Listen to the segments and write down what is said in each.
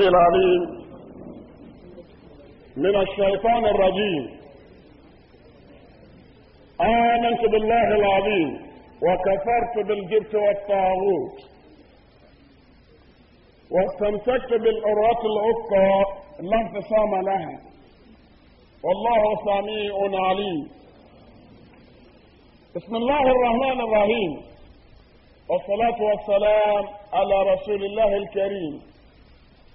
العظيم من الشيطان الرجيم آمنت بالله العظيم وكفرت بالجبت والطاغوت واستمسكت بالعروة العقى لا انفصام لها والله سميع عليم بسم الله الرحمن الرحيم والصلاة والسلام على رسول الله الكريم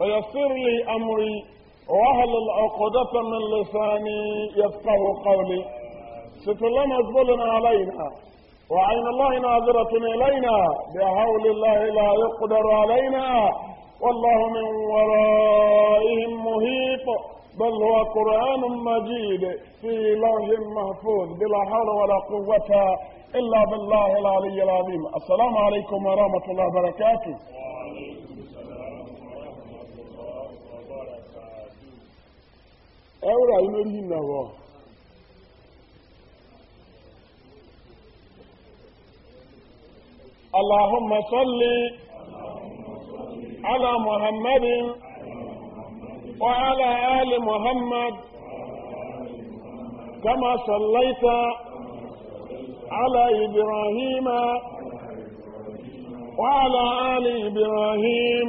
ويسر لي أمري وأهل العقدة من لساني يفقه قولي ستر لنا زبلنا علينا وعين الله ناظرة إلينا بحول الله لا يقدر علينا والله من ورائهم مهيط بل هو قرآن مجيد في لوح محفوظ بلا حول ولا قوة إلا بالله العلي العظيم السلام عليكم ورحمة الله وبركاته ẹwúrà inú rí ìnàwọ̀ اللهم صل على محمد وعلى آل محمد كما صليت على إبراهيم وعلى آل إبراهيم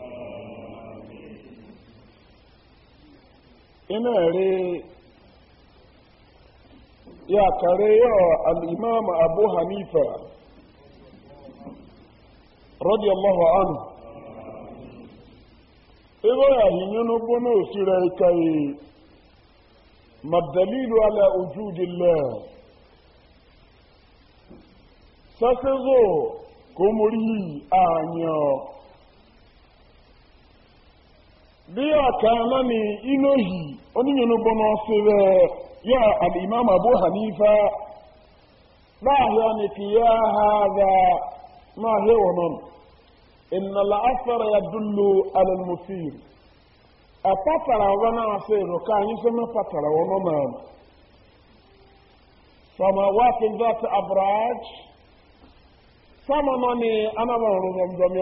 iná rí yà kàrí yọ al'imam abu hanifa radiyallahu anhu ebe ya hinyanu gbọ́nà òsìrẹ̀ ìkàrí madalilu ala ojúdìlẹ̀ sasẹ́zọ̀ kò mórí àyàn bí ọ̀ka lọ́ni inóhì oníyànúbọ̀ náà ṣe rẹ̀ yá al'imam abu hanifa láàáyọ́ ni fi yá ha ga máa hẹ́ wọ̀nán iná la'afẹ́rẹ̀ ya dúlò alàlmùsír a pàtàrà wọn náà ṣe rò ká yí mẹ́ pàtàrà wọn náà samawatin za ta abraj sama nọ ni anabar rọmọdọmi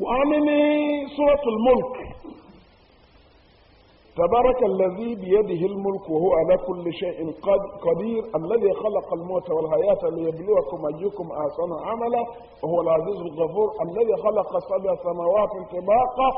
وعامل ايه سورة الملك تبارك الذي بيده الملك وهو على كل شيء قدير الذي خلق الموت والحياة ليبلوكم أيكم أحسن عملا وهو العزيز الغفور الذي خلق سبع سماوات طباقا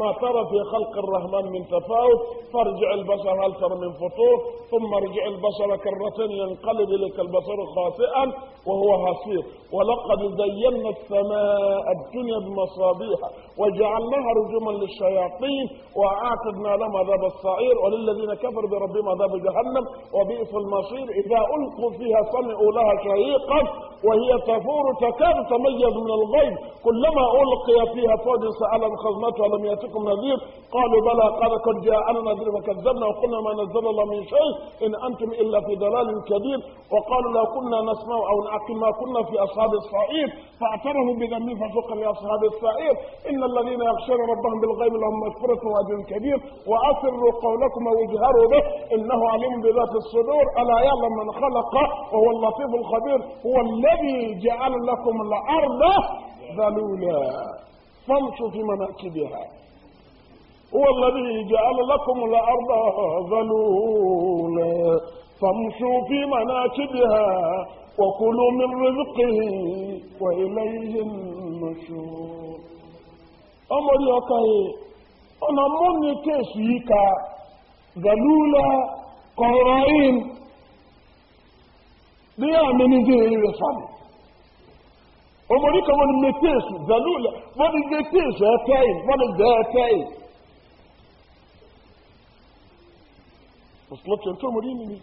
ما ترى في خلق الرحمن من تفاوت فارجع البصر هل ترى من فطور ثم ارجع البصر كرة ينقلب إليك البصر خاسئا وهو حصير ولقد زينا السماء الدنيا بمصابيح وجعلناها رجوما للشياطين وأعتدنا لهم عذاب السعير وللذين كفروا بربهم عذاب جهنم وبئس المصير إذا ألقوا فيها سمعوا لها شهيقا وهي تفور تكاد تميز من الغيب كلما ألقي فيها فوج سأل الخزمات ولم يأتكم نذير قالوا بلى قال قد جاءنا نذير وكذبنا وقلنا ما نزل الله من شيء إن أنتم إلا في ضلال كبير وقالوا لو كنا نسمع أو نعقل ما كنا في أصحاب الصعيد فاعترفوا بذنبهم فسوقا لأصحاب الصعير إن الذين يخشون ربهم بالغيب لهم مغفرة وأجر كبير وأثر سروا قولكم اجهروا به إنه عليم بذات الصدور ألا يعلم من خلق وهو اللطيف الخبير هو الذي جعل لكم الأرض ذلولا فامشوا في مناكبها هو الذي جعل لكم الأرض ذلولا فامشوا في مناكبها وكلوا من رزقه وإليه النشور أمر يا ọ̀nà mọ́ni kéèsù yìí ka zalula kọ̀rọ̀in bí i àmì ní jẹ́ eré sáàmì ọmọdé kan wọ́n ni mẹ́ kéèsù zalula wọ́n ni mẹ́ kéèsù ẹ̀kẹ́ yìí wọ́n ni zẹ́ ẹ̀kẹ́ yìí mùsùlùmí tó mọ̀rí nìyí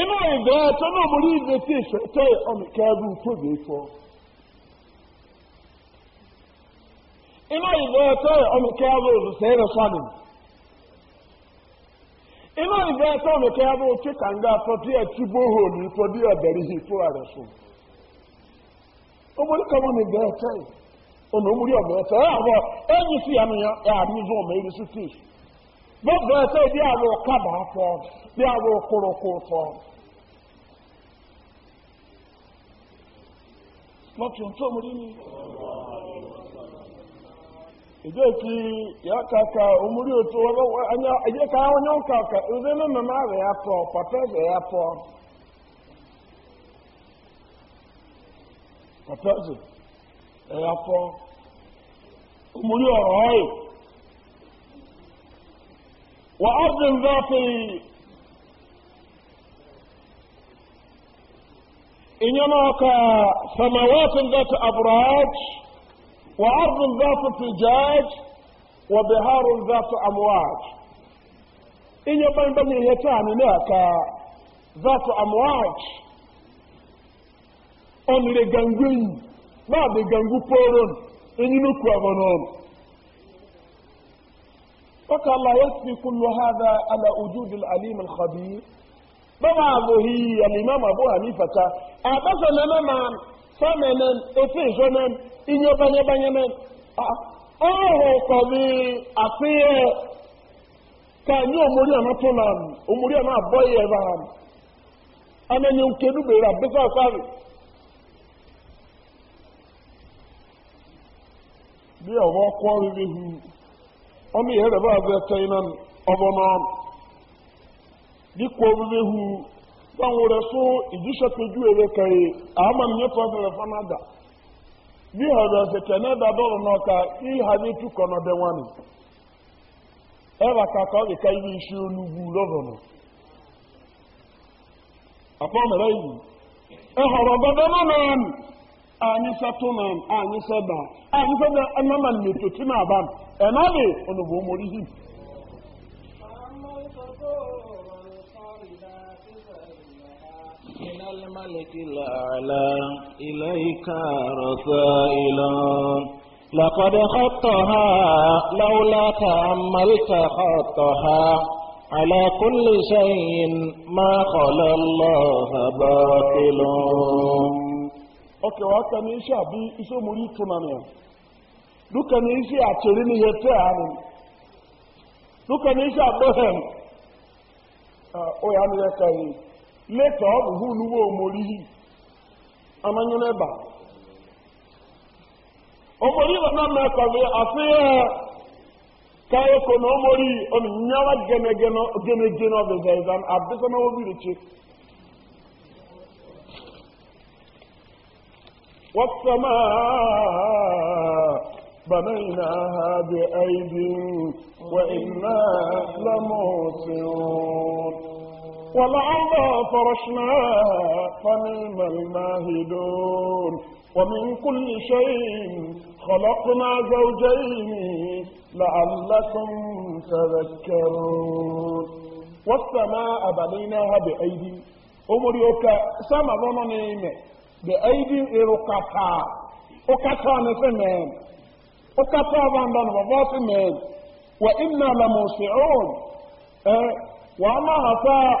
inú ìgbẹ́ ẹ̀tọ́ náà mọ̀rí ìgbẹ́ kéèsù ẹ̀kẹ́ yìí ọmọ iná ìbọn ẹ̀tọ́ ọmọkẹ́ abúrò sẹ́yìn fáàdùn iná ìbọn ẹ̀tọ́ ọmọkẹ́ abúrò tí kànga fọdí ẹtí bóhóòlù fọdí ọ̀bẹ̀rẹ̀ yìí fún ààrẹ fún ọmọ nípa wọn ìbọn ẹ̀tọ́ yìí ọmọ òmùrí ọmọ ẹ̀tọ́ ẹ̀ àwọ ẹ̀yìn sí àmì àmìzọ ọmọ ẹ̀rí sí sí bọ́ọ̀bù ẹ̀tọ́ bí àwọ kábà fọ bí àwọ kórókó fọ lọ́tún tó mú ejeki ya kaka omuri otu anya onye ụka ka ozi na mmemme ahụ ya pụọ pọteze ya pụọ pọteze ya pụọ omuri ọrụ wa ọdị mbafe وأرض ذات فجاج وبهار ذات أمواج إن يبين بني هتان هناك ذات أمواج أن لغنغين ما بغنغو بورون إن ينكو أغنون وقال الله يسبي كل هذا على وجود العليم الخبير بما ذهي الإمام أبو حنيفة أبسنا نمان sọ́mẹ̀mẹ́m òfin ìṣọ́mẹ́m inye bányẹ́bányẹ́mẹ́m ọ̀rọ̀ kọ̀bí àfihàn kàní òmùrí ọ̀nà tó nà mí òmùrí ọ̀nà àbọ̀ yẹ̀ bá mi amẹ́ni ń kéde bèrè àbẹ́fà sáré. bí hu ọmọ ìyẹn rẹ̀ bá bẹ́ẹ̀ tẹ́ iná ọbọ̀ náà bí hu. sanwó-rẹ fún ìjísọ̀kejì èrè kẹrì àmàmìyẹ fọ́nfẹ̀rẹ̀ fọ́nàdà bí ọ̀rọ̀ ẹ̀sẹ̀kẹ̀ náà dàdọ̀rọ̀ náà ká ìhà ní túkọ̀ náà dẹ̀ wọ́n ni ẹ̀rà kàkà ọ̀rẹ̀ ká ibi iṣẹ́ olúgbù lọ́rọ̀nù àfọ́mẹ̀rẹ̀ yìí ẹ̀họ̀rọ̀ gbọdọ̀ náà ni tó náà náà náà tí náà bá الملك الأعلى إليك رسائلا لقد خطها لولا تأملت خطها على كل شيء ما قال الله باطل Okay, wata ne shi abi iso muri tunani duka ne shi a ciri ne ya ta hannu duka ne shi a bohem o ya ne ya kari mmetọ ọrụhụ n'uwe omorihi amanyere eba omori uh, wa na mma kọrọ afọ ya ka eko na omori ominyawa gemege na ọbịza ịza abịza na obiri chi والسماء بنيناها بأيد وإنا لموسعون والأرض فرشناها فنعم الماهدون ومن كل شيء خلقنا زوجين لعلكم تذكرون والسماء بنيناها بأيدي أمريك سما ظنانين بأيدي إرقاتا أكتا نسمين أكتا ظنبان وظاتمين وإنا لموسعون أه وما هفاء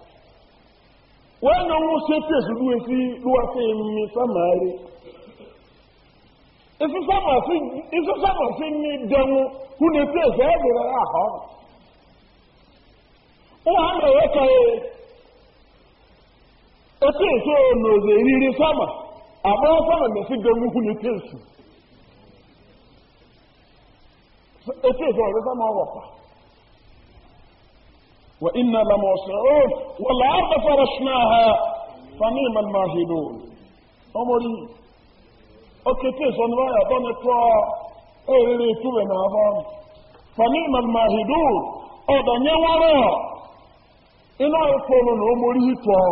wẹ́nà wọ́n ṣe pèsè lúwẹ́ sí lúwẹ́ sí mi sámà rí ìsúsámà sí ní dẹ̀wọ̀n kú ní pèsè ẹ̀bẹ̀rẹ̀ àhọ́ wọ́n á mẹ̀wẹ́ kẹ́yẹ ẹtí èso ònòzè rírí sámà àmọ́ sámà mẹ̀ sí dẹ̀wọ̀n kú ní pèsè ẹtí ọ̀rẹ́ sámà وإنا لموسعون والأرض فرشناها فنعم الماهدون أمري أكتي صنبا يطن توا أيري توي نافان فنعم الماهدون أدن يورا إنا يقولون أمري توا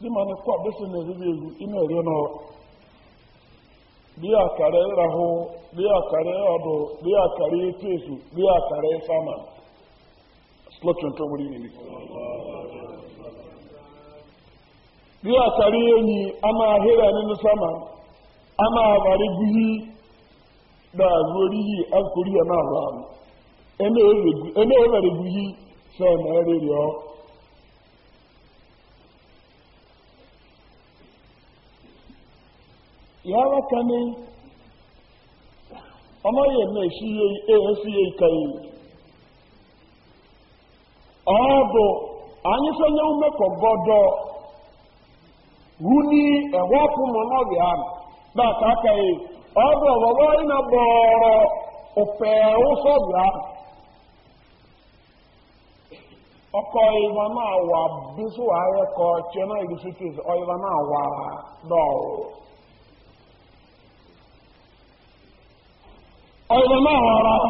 لما نقوى بس نهيبه إنا يرينا bí àkàrà ìrahó bí àkàrà ọdọ bí àkàrà ìfèsù bí tó wọlé nìyí. bí a máa hẹ́rà nínú sámà a máa bàrí gbìyí dàgbò ríyì akórí ẹ̀ máa rà yàrá kan ní ọmọ yẹn náà èsì yẹ èsì yẹ ìka anyị ọ̀ọ́bù anyịsọnye umekọ bọdọ wuni ẹwọ pụmụ n'ọrịa ahụ na aka ya ọbụ ọwụwa ịna bọrọ ofe ụsọ ọkọ ịma na-awa bisu ahịa ka ọchịa na-erisi na-awa ọ̀rọ̀mọ́ ọ̀rọ̀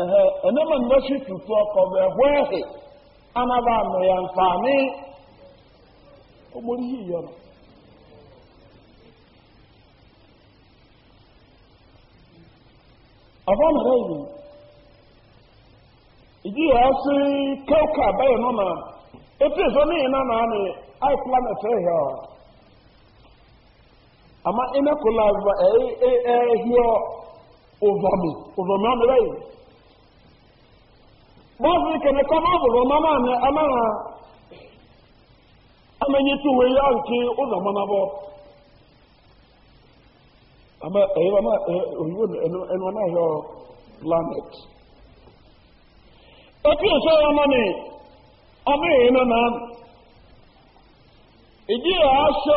ẹ̀hẹ́ ẹ̀nẹ́mọ̀ ọkọ bụ tuntun ọkọ̀ bẹ̀ wẹ́ẹ̀hì anábà mẹ́yà nfààní ọmọdé yìí yọrọ. ọ̀fọ̀ mẹ́rẹ̀ yìí iji ya sí kẹ́ọ̀kà báyìí nọ na etu ìsọ́nìyàn niile nà á ní àìplanẹ̀tì ama ina kula ba ehio ovomi ovomi ọmọ rẹ yìí bọ́ọ̀sì kẹ̀lẹ́ kọ́ máa nke ụzọ mọ́nàbọ́ ama ẹ̀yẹ ọmọ òyìnbó ẹnu ọmọ ahịa planet otu ya ọmọ ni ọmọ èyí na ịdị ẹ̀ aṣọ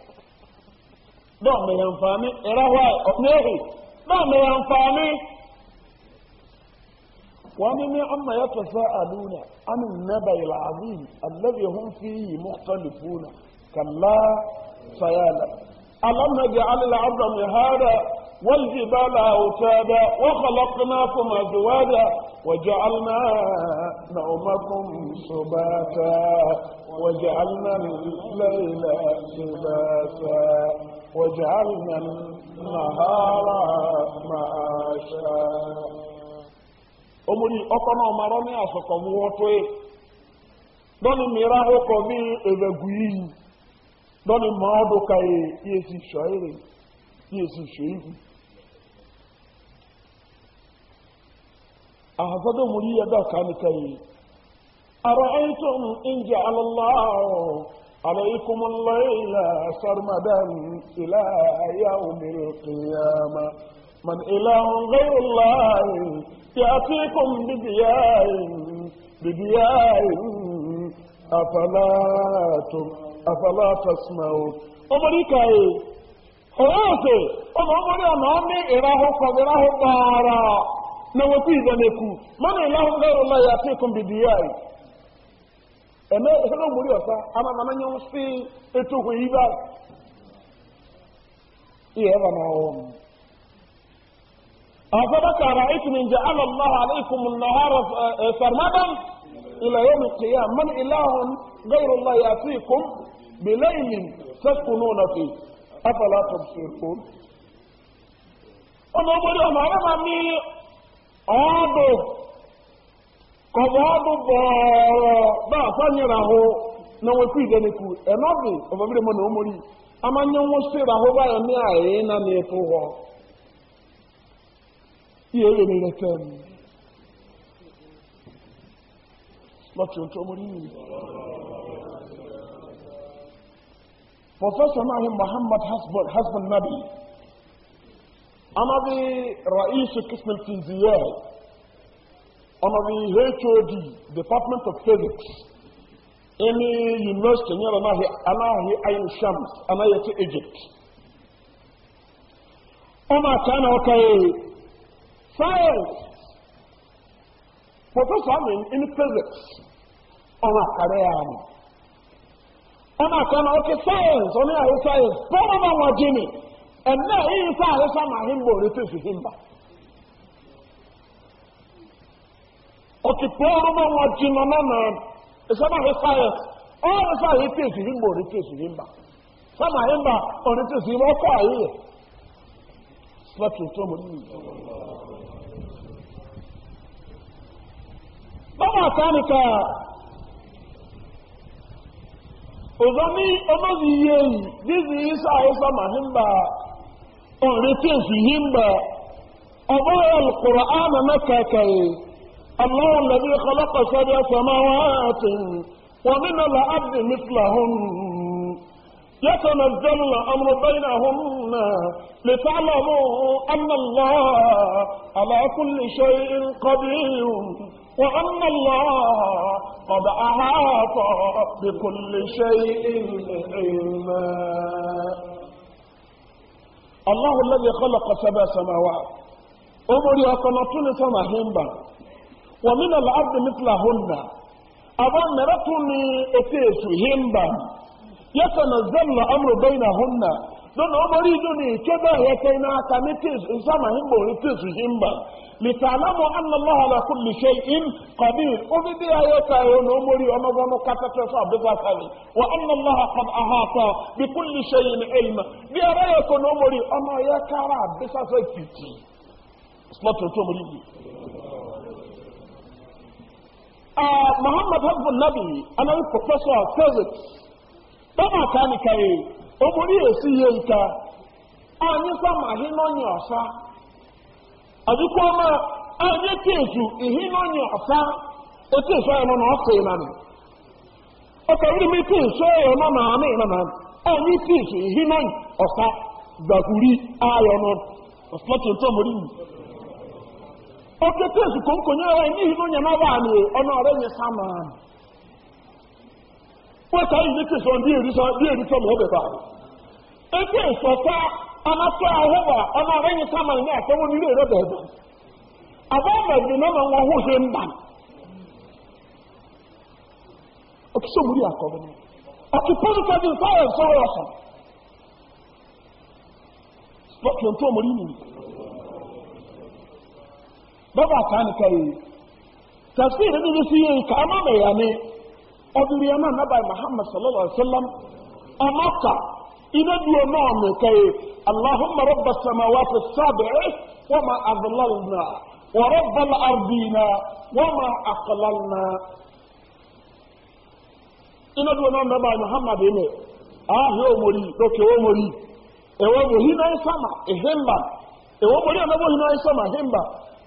bá mi yàn fàmí ìrẹ́wà ọ̀pẹ́rì bá mi yàn fàmí. wọ́n ní ní ọmọ yẹn tó fẹ́ àdúrà àmì nàbà ìlà àdúrà àlẹ́bí hún fi yìí mọ́tọ́lì fúnà kàlá sayálà. ألم نجعل الأرض مهادا والجبال أوتادا وخلقناكم أزواجا وجعلنا نومكم سباتا وجعلنا الليل سباتا وجعلنا النهار معاشا omori ọkọ náà máa rọ́ní àsọ̀kọ̀ mú wọ́n tó e lọ́ni mìíràn ọkọ̀ bí ẹ̀rẹ̀gù yìí lọ́ni máa ọdún káyé yíyé sí ìṣọ́ عليكم الليل سرمدا إلى يوم القيامة من إله غير الله يأتيكم بدياء بدياء أفلا تم أفلا تسمعون أمريكا إيه أوكي أنا أمري أنا أمي إراه فغراه بارا نوتي ذنكو من إله غير الله يأتيكم بدياء ɛmɛ ɛfɛnɛ omori ɔsa ama nana nyɛ nsi etu hɔ yi ba iye ɛfɛ na ɔwɔ mu afɔbakara etumi nja alallahu aleikum nahara sarmadan ilayi mu kiya man ilahun gairu la yati kum bilayin sakunu na fi afala tafsiru ɔmɔ omori ɔmɔ ɔmɔ mi ɔdo. kọ̀wọ́ bó bọ̀ọ̀rọ̀ bá fányẹ̀rà ho na wọ́n fi ìdẹ́nìkù ẹ̀nọ́bì ọ̀bọ̀bìrì mọ́ na ọmọ rí amányẹ́wọ́ síra ho báyọ̀ ní àyè na ní ẹ̀fọ́ họ yíyẹ yẹ ní rẹ̀tẹ́ mi lọ́tí ọ̀tọ́ ọmọ rí mi. Professor Mahi Muhammad Hasbun Hasbun Nabi, amabi Ra'isu Kismil Finziyah, ọmọ bi hod department of physics ẹni university ní ọ̀rọ̀ anáhìí ayin shams anáyẹtí egypt ọmọ chana àná science professor amin in physics ọmọ àkàrẹ́ yà mọ̀ ọmọ àti science ọmọ àyè science bọ́ọ̀mọ̀ wọn jẹ́ mi ẹ̀ náà yìí sáà yẹ sáà máa hìmbò rẹ̀ ọtí ọrụ n'ọnwa wọ́n jí na na ẹ̀sẹ̀ máa hẹ́ fáyẹ̀ ọ̀rẹ́ sáà hẹ́ tẹ̀sí yìí mbà ọ̀rẹ́ tẹ̀sí mba mbà sáà hẹ́ mbà ọ̀rẹ́ tẹ̀sí yìí mbà ọkọ̀ ayé yẹ sọ́tù tó mọ̀ nínú. báwo الله الذي خلق سبع سماوات ومن الأرض مثلهم يتنزل الأمر بينهن لتعلموا أن الله على كل شيء قدير وأن الله قد أحاط بكل شيء علما الله الذي خلق سبع سماوات أمر يقنطون سماهين بنا ومن العبد مثلهن أظن مرتني أتيس همبا يتنزل الأمر بينهن دون أمريدني كما يتينا كمتيس إنسان همبا أتيس همبا لتعلموا أن الله على كل شيء قدير أبدي آياتا يون أمري أمزم كتتسا بذاتني وأن الله قد أهاطا بكل شيء علم بأرأيكم أمري أما يكارا بساسا كتي أصلاة أمريدني Uh, muhammad hasbun nabi anayi professor of physics bama ka ni esi ihe nka anyị kwa ma hi n'onye ọsa adịkwa ma anyị tezu ihi n'onye ọsa otu nso ya nọ na ọsị na nị ọka wuri m ite nso ya nọ na anị na nị anyị tezu ihi n'onye ọsa zahuri ayọ nọ ọsọ tuntun omori okete ezuko nkonye ya n'ihi na onye n'ọba anyị ọnụ ọrụ enye sama weta ihe e na kesọ ndị erisa ndị erisa ma obe baa eke esọta anatọ ahụ na akọwọ n'ire ere ebe abụọ mmadụ nwa ọhụrụ mba na ọkịpụrụ ọsọ ntụ bàbá àtànìkà yìí tafsir nínú sí yìí ká má mẹ̀yà ni ọdún yẹn náà nàbà muhammad sallallahu alaihi wa sallam ọmọ kà iná dúró náà mi ká yìí allahumma rabba samawati sabi'i wa ma adlalna wa rabba al-ardina wa ma aqlalna iná dúró náà nàbà muhammad yìí ni ahìí omori lókè omori èwo bò hí náà sàmà èhìmbà èwo bò hí náà sàmà èhìmbà.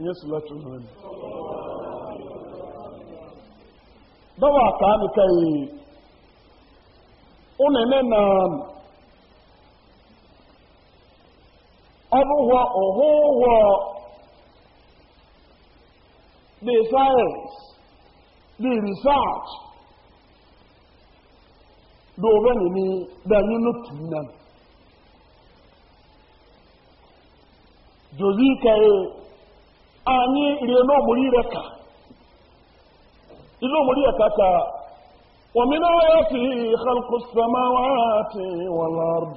ní oṣù lọ́tún náà ni. báwo àtàá nìkan yìí ó nẹ̀ẹ́nẹ́ náà ọbụghọ ọhụghọ the science the research do bẹ́ẹ̀ ni bẹ́ẹ̀ ló tù náà jòzí kẹrẹ anyị rie n'omuri reka ile omuri reka ka ومن آياته خلق السماوات والأرض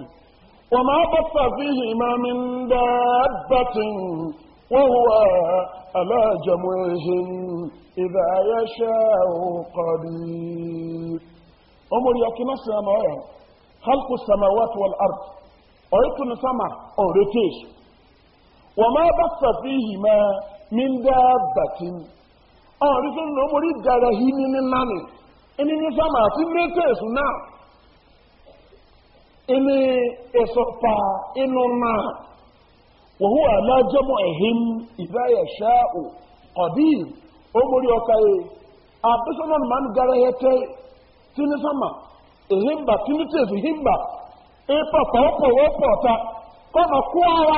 وما بث فيهما من دابة وهو على جمعهم إذا يشاء قدير أمر يكنا سماوات خلق السماوات والأرض أريد نسمع أريد وما بث فيهما nígbà bàtí ọ̀rí tó nà ọmọ orí gara hí ní ní nánì ẹni ní sáàmà àti mẹ́tẹ̀ náà ẹni ìsọ̀pà inú náà wọ́n wà lájọ́mọ̀ ẹ̀hìn ìbáyà ṣáàù ọ̀dí ọmọ orí ọkà yìí àbísọ́nà màá ní gara tí ní tí ní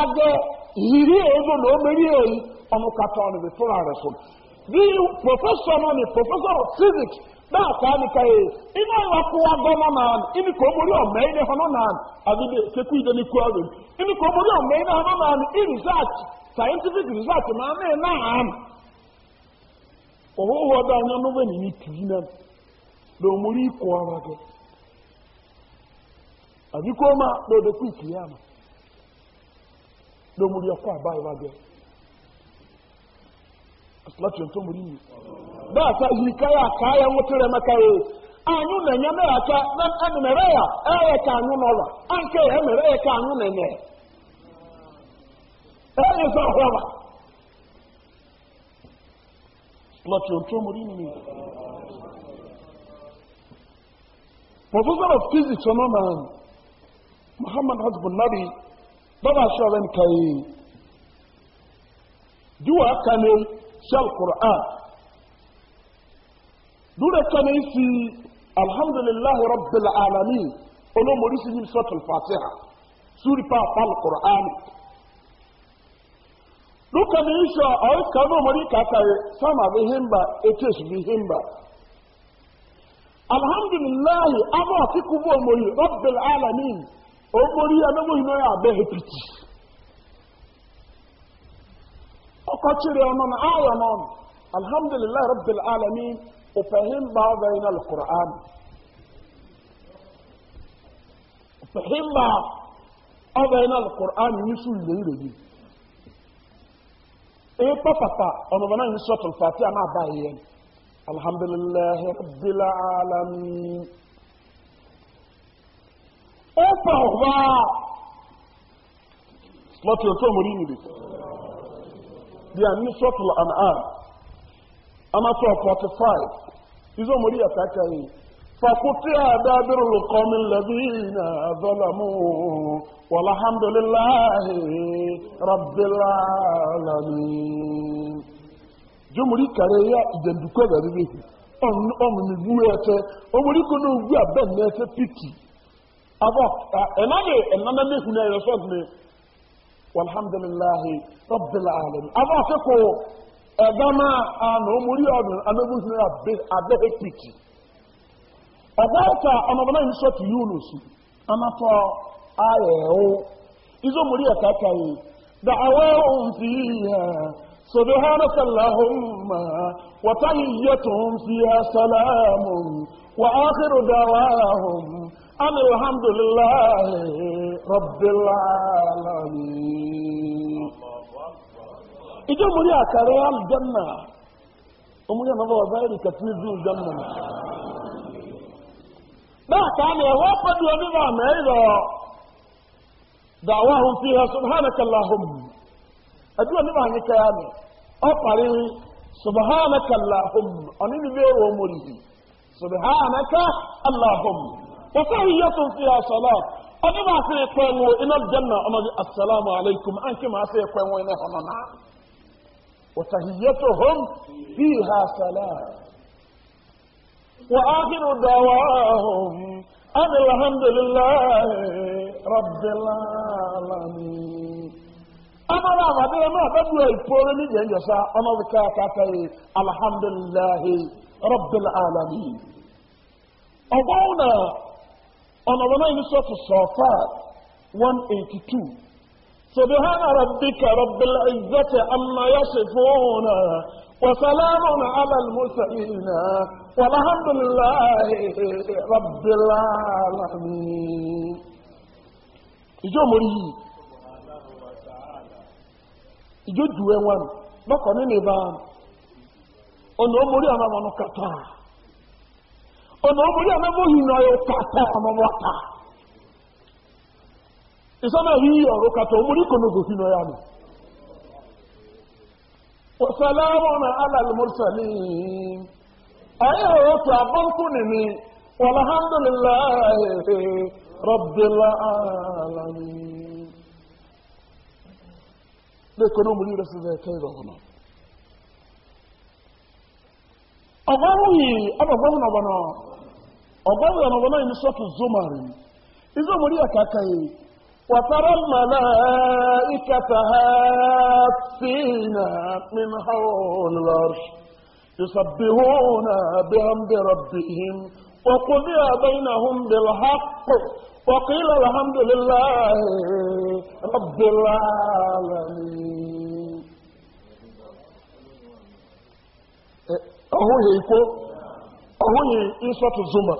ara ìrírí ọmọ kata ọ̀nà bí fúnra rẹ̀ sùn. bí pòfẹ́sọ̀ náà ni pòfẹ́sọ̀ of physics náà kàá ní ká yé iná ìwà kó wa gbọ́ náà nàá ibi kò mórí ọ̀mẹ́ ilé hàn náà àbí bí ìdè ní kúrò ibi kò mórí ọ̀mẹ́ ilé hàn náà ní i research scientific research máa ní iná hàn. òwò wọ ọdọ àwọn ọmọ ènìyàn ní tìyí náà lọ mórí ikú ọrọ gẹ àbí kó máa lọ dẹkú ìkìyàmà láti ọ̀tọ́ mú rí mi báà ta yìí káyà káyà ń wọ́tí rẹ̀ mẹ́ka na àánú nànyẹ́ mẹ́ra ẹnu yà ká yẹ ká sọ ọba. professor of physics muhammad hasbun nabi bàbá aṣọ شال القرآن دولة كان في الحمد لله رب العالمين أنه مريسي من سورة الفاتحة سورة فاتحة القرآن duka da isha a wasu kano mari kakare sama bi himba etes bi himba alhamdulillahi abu a fi kubo mori rabbil alamin o mori ya na muhimmanci a bai hepiti وقتري ومن أعلم آه الحمد لله رب العالمين وفهم بعضين القرآن فهم بعضين القرآن يسوع ليلي إيه بابا أنا بنا يسوع الفاتحة أنا باين الحمد لله رب العالمين أوبا أوبا سلطة يوتو مريني بيسوع they are nisratul an'am amaso 45 izo muri ataka yi fakutia dabiru lukomi ladina zalamu walhamdulillahi rabbil alamin jomuri kare ya ijanduko da ribehi ọmọ mi wu ẹtẹ omori kò náà wu abẹ mẹtẹ pìtì abọ ẹ náà yẹ ẹ nana mẹhùn ẹ yẹ sọdún mi walhamdulilahi rabbil alamin aba afeko ɛdama ano omori ɔdun amegusi abe abe ekpiti ɔba ɛka ɔnabana yi sɔti yunus anatɔ ayɛ ɛwo izo omori ɛka ka yi da awa nfiya سبحانك اللهم وتحيتهم فيها سلام وآخر دعواهم أن الحمد لله رب العالمين إجا مريا كريا الجنة أمريا نظر ذلك في الجنة ما كان يوافد ونظام أيضا دعواهم فيها سبحانك اللهم أدوى نظام كيامي أطري سبحانك اللهم أني بير ومريه سبحانك اللهم وتحية فيها صلاة ọdún máa ṣe ẹ̀kọ́ ẹ̀wọ̀ iná jẹ́nà ọmọdé asalaamu alaykum à ń kí máa ṣe ẹ̀kọ́ ẹ̀wọ̀ iná ọ̀nà náà wọ́tàhìyẹ́tò hom bí ha sàlá wà á kírun dàwà hom àmì alhamdulilayi rabbilaalami. amara amadé náà bẹ́ẹ̀ bú ìpòrò ní yẹ̀yẹ̀sá ọmọdé káàkiri yìí alhamdulilayi rabbilaalami. ọgbọ́n náà. ọ̀nà wọn náà ní sọ́ọ̀tù sọ̀fà one eighty two سبحان ربك رب العزة عما يصفون وسلام على المرسلين والحمد لله رب العالمين ìjọ mori yìí ìjọ ju nínú ìbá ọ̀nà ó mori àwọn ọmọ ọ̀nà kàtà ọ̀nà ọmọdé ọmọ yìí náà yóò pàtà ọmọ wọ́ta ìsọ́nà rí ọ̀rọ̀ kàtà ọmọdé kò lóògùn sínú ọ̀yá mi wọ̀sálàmù na alàlùmọ́sálì ayé ọ̀rọ̀ tó àbọ́nkú nìmi wàlhámdùlìláàyè rọ̀bìlà àlàmì lẹ́kọ̀ọ́ ní ọmọdé rẹ̀ sí ẹ̀kẹ́ ìrọ̀rùn ọgbọ́n yìí ọgbọ́n náà ọgbọ́nwé ọmọ náà ní sọ́tù zomari izo mori akaka yìí wàtara mmala ikata ha fina min hawan larsh يسبحون بحمد ربهم وقضي بينهم بالحق وقيل الحمد لله رب العالمين أهو يكو أهو يسوة الزمر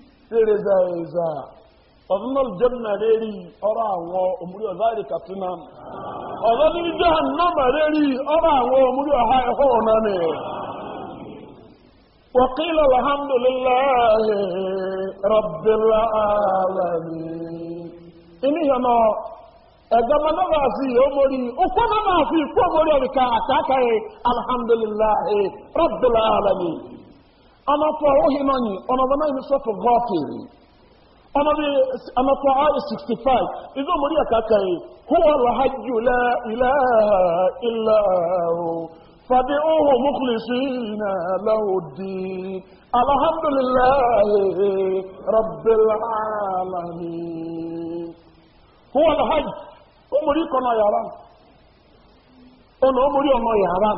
sereza eza ọdúnnà jẹ́nà rẹ́rí ọ̀rọ̀ àwọn òmúrí ọ̀zá ìrìkà tún náà ọ̀zọ́ ní jẹ́hànnàmà rẹ́rí ọ̀rọ̀ àwọn òmúrí ọ̀há ẹ̀họ́ ọ̀nà ni وقيل الحمد لله رب العالمين إني أنا ẹgbẹ́mọ náà sí omori okó náà fi kó omori ọ̀rìkà àtàkàyè anatoa ohimanyi onazamani misofu ghafiri anatoa aya 65 izo muri akakai huwa alhajju la ilaha illa hu fabi'uhu mukhlisina lahu ddin alhamdulillahi rabbil alamin huwa alhajj omuri kono yaran ono omuri ono yaran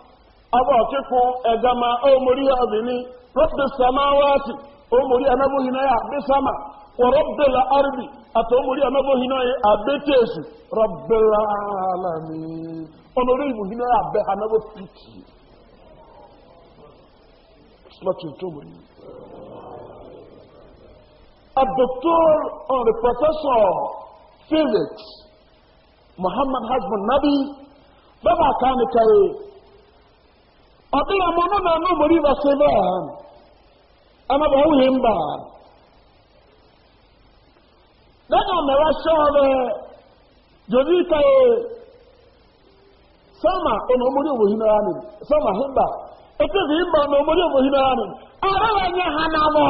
abọ́ọ̀kíkún ẹ̀gama ọmọrí ọ̀bìnrin rọ́bì samáwáàtì ọmọrí anábóhiná yà àbí sámà rọ́bì lárìbì àti ọmọrí anábóhiná yà àbí tẹ̀sù rọ́bì lálàmì ọmọrí ya yà àbẹ́ anábó pìtì A doctor or a professor physics, Muhammad Hasbun Nabi, baba kani ọdị ya mọ nọ na mori ba sebe a ama ba wuye mba daga mẹwa sọ ọbẹ jòdì káyé sọma ọmọ mori òwò hinna ya ni sọma himba ètò ìdí mba ọmọ mori òwò hinna ya ni ọdọ wa nye ha na mọ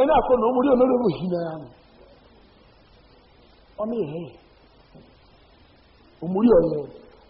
ẹni akọ na ọmọdé ọmọdé òwò hinna ya ni ọmọ ìhẹ ọmọdé ọmọdé.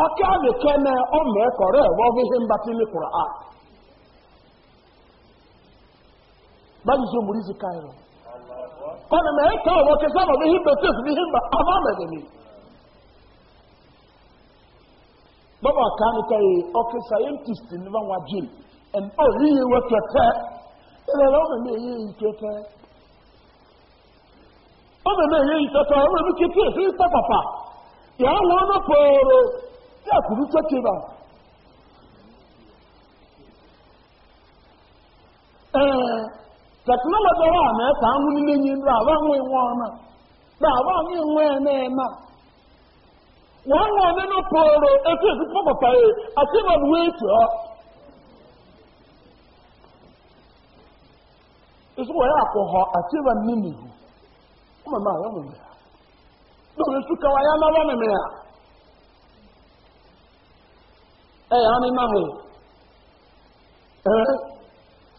ọkị a na ọma ekọrọ ebe bụ ihe mba tini a gbajizi ogburu izi kaịrọ kọrọ na eke ọbụ kesa ọbụ ihe mba ihe mba ama medeni bọ́bọ̀ kánìkà yìí ọkẹ scientist ní bá wà jìn ẹn ọ yíyí wọ tẹtẹ ẹnlẹ lọ mẹmẹ èyí yìí tẹtẹ ọ mẹmẹ èyí yìí tẹtẹ ọ mẹmẹ kékeré sí ya kuru tsoke ba ee teknọlọji ọwa na ka anwụ niile nye ndị agba nwe nwe na agba nwe nwe na-eme na pụrụ eke esi kpọkọta ya asị na ọdụ wee tụọ esi wọ ya akwọ họ asị na nne n'ihu ya na ya ɛyɛ ɔne ma hɔ ɛɛ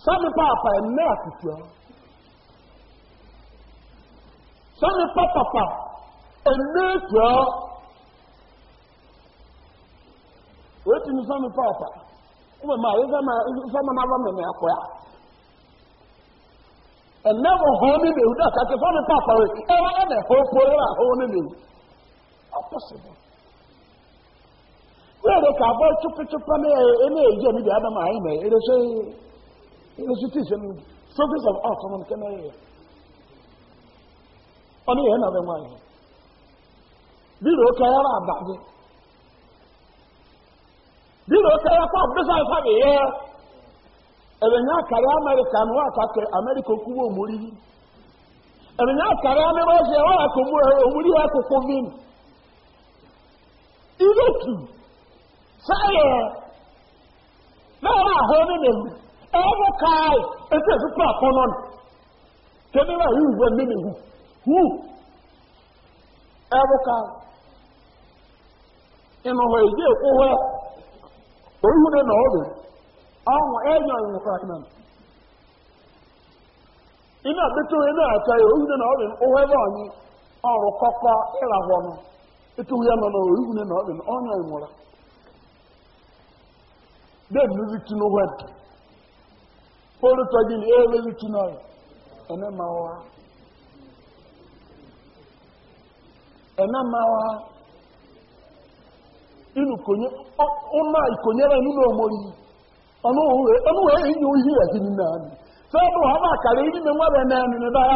sɔmi paapa ɛmɛ akutua sɔmi papapa ɛmɛ atua wotu mi sɔmi paapa ɔmɛ ma ayé sɔmi sɔmi ma bɔ mɛmɛ akɔya ɛmɛ wɔ hɔ ne mewu dɛ kake sɔmi paapa wɛ ɛwɔ ɛna ɛhɔ pɔ ɛwɔ ahɔ ne mewu ɔpɔsibɔ. wéèrè kà bọ́ túpítúpá ní ẹni èyí ẹ̀mí bíi ádámù àyìn mẹ́ ẹ̀rẹ́sẹ̀ ẹ̀rẹ́sẹ̀ tí ìṣẹ́ of earth ọmọ nìkan náà yẹ ọ̀nà yẹn náà bẹ́ẹ̀ wọ́n yẹ bírò kẹyàrá àbàdé bírò na kọ́ bísà kwa yẹ ẹ̀rẹ̀nyà kàrí amẹ́ríkà ni wọ́n àtàkẹ́ amẹ́ríkà kú wọ́n mórí ẹ̀rẹ̀nyà kàrí amẹ́ríkà wọ́n Ilé eh, tù sáyẹ lọ́wọ́ àhọ́ nínú ewu ẹ̀rọ káàì etí èsì pọ̀ àpọ́nà nù tẹ́lẹ̀ náà yìí wọ nínú ewu hù ẹ̀rọ káàì ìmọ̀wọ̀ èdè èkó wẹ́ oríhu ní nà ọ̀rọ̀ ọ̀hún ẹ̀yàn ìwọ̀n fàtìmọ̀ inú àbẹ́tò inú àtàyè oríhu ní nà ọ̀rọ̀ ọ̀hún ẹ̀rọ ọ̀yìn ọ̀rọ̀ kọ́kọ́ ìràwọ̀ nù ètò ìyànà oríhu ní nà ọ̀rọ̀ ọ̀yàn ìwọ̀n bẹ́ẹ̀ ni wíìtì ní wẹ́ẹ̀d fóònù tọ́jú ni ewé wíìtì náà ẹ̀nà máa wá ẹ̀nà máa wá inú inu ọ̀nà ìkònyẹ́rẹ́ nínú ọmọ yìí ọ̀nà òwúrẹ́ ọ̀nà òwúrẹ́ yìí ni ó yí ẹ̀sìn nínú àná sẹ́ẹ̀bù hàn máa kàrí yìí na wọ́n rẹ̀ náà nínú báyà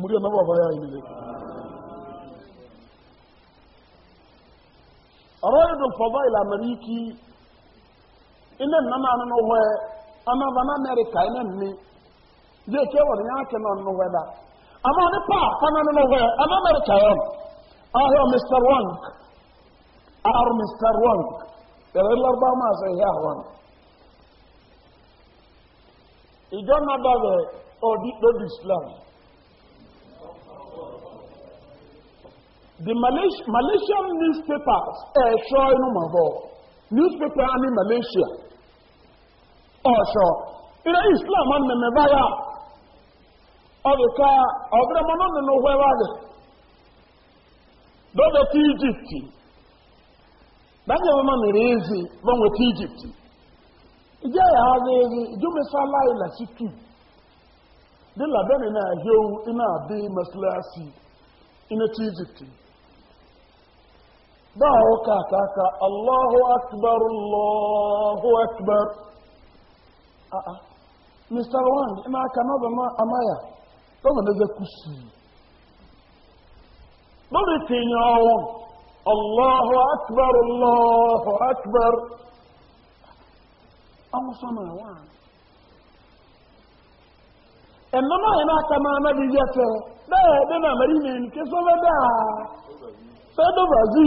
muri ọmọ bàbá yà ilé ọ̀rọ̀ ìdùn fọ́bá ilẹ̀ amẹ́ríkì ilé nnama nínú hɔ ɛ ama ba na amẹ́ríkà ẹ̀ náà ní ilé ìké wọ̀ ní yàtọ̀ náà nínú hɔ ẹ̀ dá ama ní paapa náà nínú hɔ ɛ mr wank ahọ́ mr wank yàrá ìlọ́rọ̀ máa sọ ìyá àwọn ìjọ náà bá bẹ̀ islam. the Malaysia, Malaysian newspapers ẹ̀ṣọ́ inú mọ̀bọ̀ newspaper ní Malaysia ọ̀ṣọ́ oh, ilẹ̀ Islam á mẹ̀mẹ̀ báyà ọ̀dùkà ọ̀bẹ̀rẹ̀ mọ́nà nínú wẹ́wà rẹ̀ lọ́dọ̀ tí Egypt dájú ẹ̀wọ̀n mọ̀ mẹ̀rẹ̀ èzì lọ́wọ́ tí Egypt ìjẹ́ ẹ̀yà ọ̀dẹ̀ èzì ìjọmẹsà láìlà sí tù dí làbẹ́rin náà yóò iná Egypt báwo kàkàkà Allahu akbar Allahu akbar a'a ah, ah. Mr. Wang ina aka nọba ma amaya lọ́wọ́ na zai kusi lórí tèèyàn ọwọ́n Allahu akbar Allahu akbar an sọmọ àwọn ẹ̀nà náà yẹn aka máa má di yẹtẹ bẹ́ẹ̀ bẹ́ẹ̀ náà mẹ́rin ní kí sọ́wọ́ dáa fẹ́ dọ́bà zí.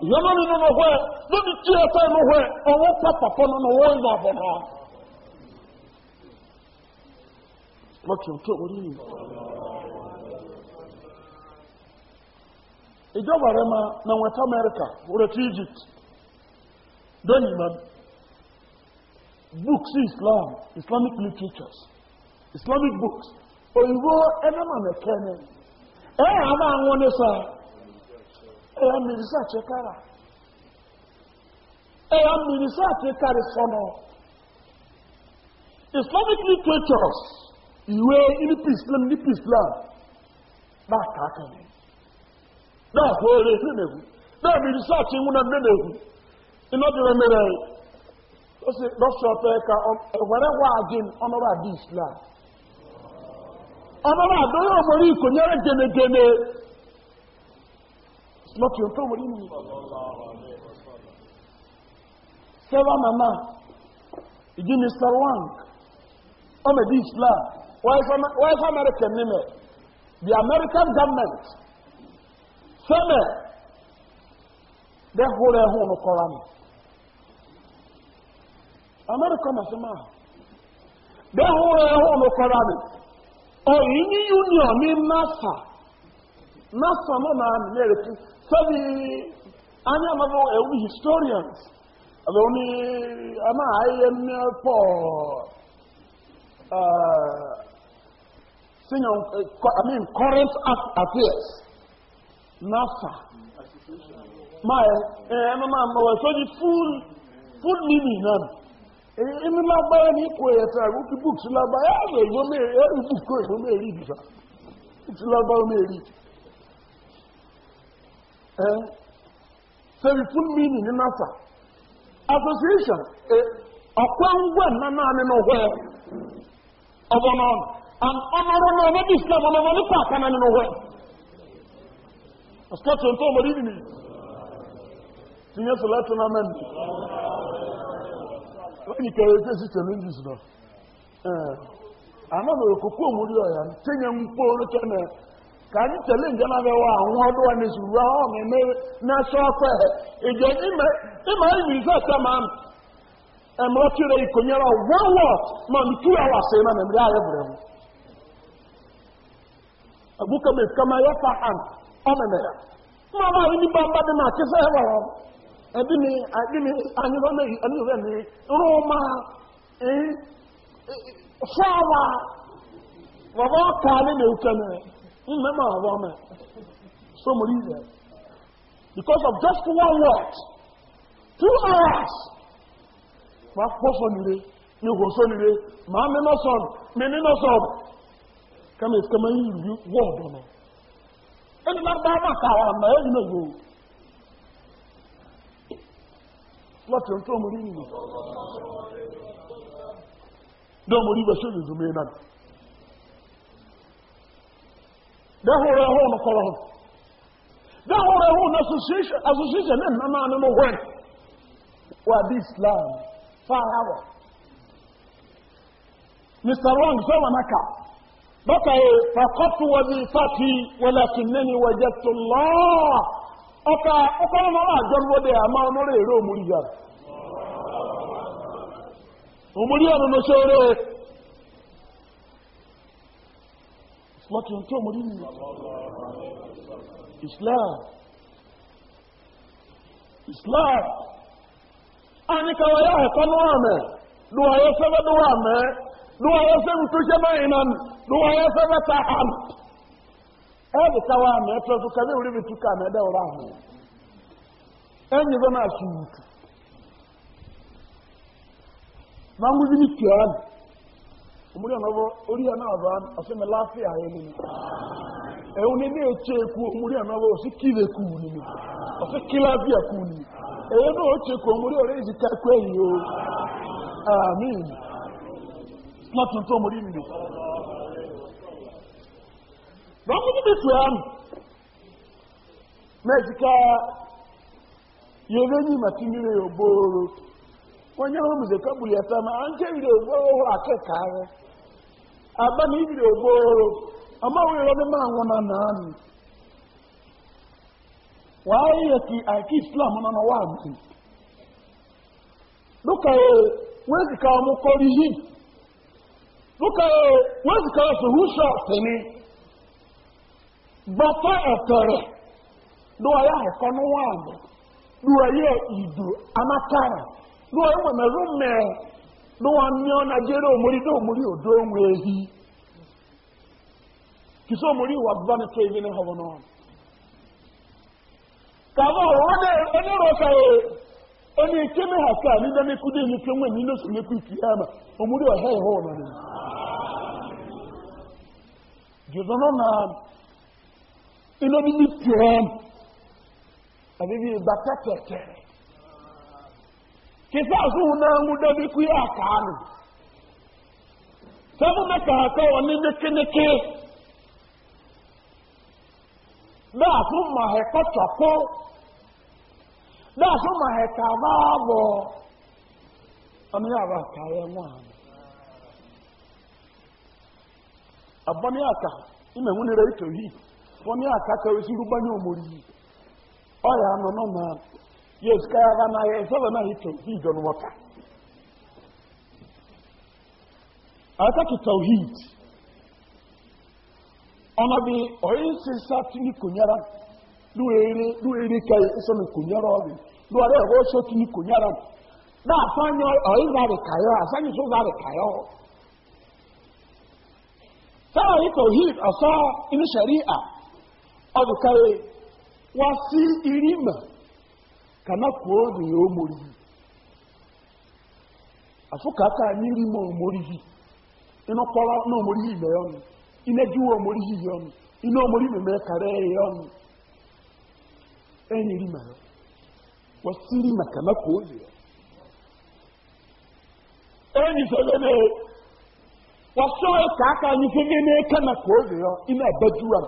yọmọ mi nínú hwẹ lóbi tí ẹ fẹ nínú hwẹ ọwọ pápákọ nínú wọn ìlú àbọnà. lọ́kì òkè orí mi. ìjọba rẹ ma na west america wọlé tí egypt lónìí ma books sí islam islamic literatures islamic books òyìnbó ẹnẹ́mà mẹ́kẹ́ ni ẹ̀ ẹ́ àbá àwọn ní sáà. eya mmiri chekara eya mmiri sachekara sọnọ islamic literatures iwe ilipi islam ilipi islam n'aka aka ne n'ahụ ere ihe na-egwu na mmiri sachi nwụ na nne na-egwu ịnọdụrụ mere dọshọpe ka were gwa gị ọnọrọ adị islam ọnọrọ adọghị omori ikonyere genegene. lọ́tí ohun tó wọ́n rí ní sẹ́wà màmá ìjí mr wang ọmọdé islam wáyé fún american nímẹ̀ the american government sẹ́mẹ̀ dẹ́kúrẹ́ ẹ̀hún kọ́ra mi america mọ̀sánmá dẹ́kúrẹ́ ẹ̀hún kọ́ra mi ọ̀yìn ní union ní nasa nasọnụ na na-ereti sabi anya amabụ ewu historians abụ ni ama ahịhịa nne pọl senior i current affairs nasa my ẹnu náà mọ̀ wẹ̀ full full meaning náà ẹni lágbára ní ipò ẹ̀yẹ̀tẹ̀ àwọn kí books lágbára ẹ̀ ẹ̀rọ ìwọ́n mẹ́rin ẹ̀rọ ìbùkọ́ ìwọ́n mẹ́rin ìbùsà books Eh? sẹbi fún mi nìyí nasa association eh, ọkọ ngwa na naanị ya ọbọ and ọnọrọ na ọmọdé islam ọmọdé nípa aka naanị n'ụhọ ya ọsọtụ ntọ ọmọdé ibi nìyí tinye sọlẹtụ na mẹni onye kere ete si challenges nọ ee eh, anọ n'okoko omori ọya tinye ka anyị tele njem abịawa ahụ ọdụwa n'esuru ahụ na-eme na-asọ ọkwa eje ịma anyị mmiri zọta ma emrọtire ikonyere ọgwụgwọ ma ntu ya wasị na mmiri anyị bụrụ m. agbuka bụ kama ya fa ha ọ mere ya mma ma anyị nipa mba dị na akịsa ya gbara anyị nọ n'ehi anyị fọwa ọka anyị na Remember our man. Some reason. Because of just one word. Two hours. Wọ́n pọ̀ sọ́nire, ihò sọ́nire, màá mi náà sọ̀rọ̀, mi ní náà sọ̀rọ̀. Kẹ́mi kẹ́mi yìí rí wọ́ọ̀dù ọ̀nà. Ẹni náà bá wà ká àwọn àmà ẹ̀yìn náà yòó. Lọ́tì ń tó mo rí nìyí. Dọ́ọ̀ mo rí bẹ́ẹ̀ sọ́yìn ìdùnmí náà. dahore hụrụ no kɔrɔ ho dahore ho no association association ne nnam wa di islam far away mr wong sɛ wɔn aka baka yi e, fakɔtu wɔ bi fati wala kinani wajɛ to lɔɔ ɔka ma ama ere lọ́tí ohun tí ó mọ̀rí nìyí islam islam anìkàwà yà ẹ̀kọ́ náà mẹ́ lùwàyẹ sẹ́fẹ́ lùwà mẹ́ lùwàyẹ sẹ́fẹ́ tó jẹ́ mẹ́rin náà lùwàyẹ sẹ́fẹ́ ta hàn ẹ̀bì káwà mẹ́ tọ́tù kàbí orí mi túkà mẹ́ dẹ́ ọ̀rọ̀ àmì ẹ̀yìn bẹ́ẹ̀ máa sùn wùtù. Mangu zini kiwani. omori ọ̀nàwọ́ orí ọ̀nàwọ́ ọ̀sẹ́mi láfíà ẹni ni ẹ̀hún ní ní ètò ẹ̀kú omori ọ̀nàwọ́ òsì kílẹ̀ kú ni mi òsì kíláfíà kú ni mi ẹ̀hún ní ètò ẹ̀kú omori ọ̀rẹ́ ìdí kẹ́kọ̀ọ́ ẹ̀yìn o àmín lọ́tún tó omori mi. níbi tó yà mí mẹ́jìká yìí màtí mi rẹ̀ wọ́n agba na ibiri ogboro amaghị ịrọ n'ime anwụ na naanị Wa e, e, ya kí islam nana na mí lókà yẹ wọ́n sì ká ọmọ kọrí yìí lókà yẹ wọ́n sì ká ọsùnwó ṣọ́ọ̀sì ni bàtà ẹ̀tọ̀rẹ̀ ló wà n'ụwa na jere omori na omori odo onwe ehi kìsọ omori wà bá ní tó ní hàn náà kàwọ wọn dẹ ẹni rọta yẹ mi hà ká ní dání kúdé ní pé wọn ní ní oṣù mẹkú ìtì yá náà ìgbà kisa so hunan mu da ya kanu sabu na ka ka wani nike nike da azụ ma he ka chopo da ma he ka ba bo amin ya ka ya ha aka ime wuni re aka ka wesi rubanya omori o yesikayaba naye esobe naye tauhidi onumota ataki tauhidi ona bi oyisisa tini kunyara luere luere ka esomi kunyara obi luare ego so tini kunyara na asanyo oyizari kayo asanyo so zari kayo sáà yìí tauhid ọ̀sán sharia kana kuozi ya omorihi afuka aka anyị nri ma omorihi ịnọkwara n'omorihi ile ya ọnụ inejiwa omorihi ile ọnụ ine omori meme kara ya ọnụ enyiri ma wasiri ma kana kuozi ya enyi sọrọ na wasọrọ ka aka anyị fere n'eka na kuozi ya ina abajuwa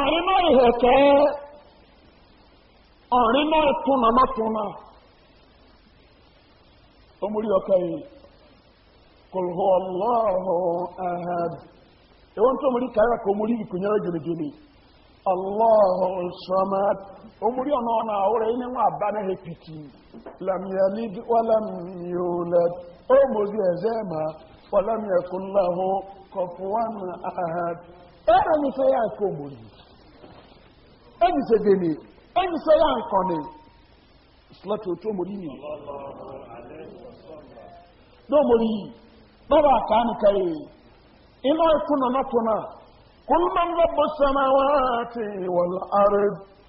ọrịa n'ọrịa ihe kee ọ̀rin náà tún náà tún náà ó múrí ọkọ̀ yìí kòlùhù ọlọ́ọ̀hún ahad ìwọ́n tó múrí kàrà kò múrí ìkùnyẹ́rẹ́ gẹ̀rẹ́gẹ̀rẹ́ ọlọ́ọ̀hún sọmad ó múrí ọ̀nà ọ̀nà àwòrán yìí níwọ̀n àbánáhẹ́ pìtì làmìyàlì wàlàmìyòlẹ̀d ó ẹ̀zẹ́ mà ahad ẹ̀rọ fẹ́ yà ẹ̀ ẹni sẹ yà nkọ ni ìsìlẹtì otu omori ni dọmori yìí bàbá àkàánì kẹrì iná ikú nana tó náà kún máa ń lọ́bọ̀ samáwáàtì wọ́n arẹ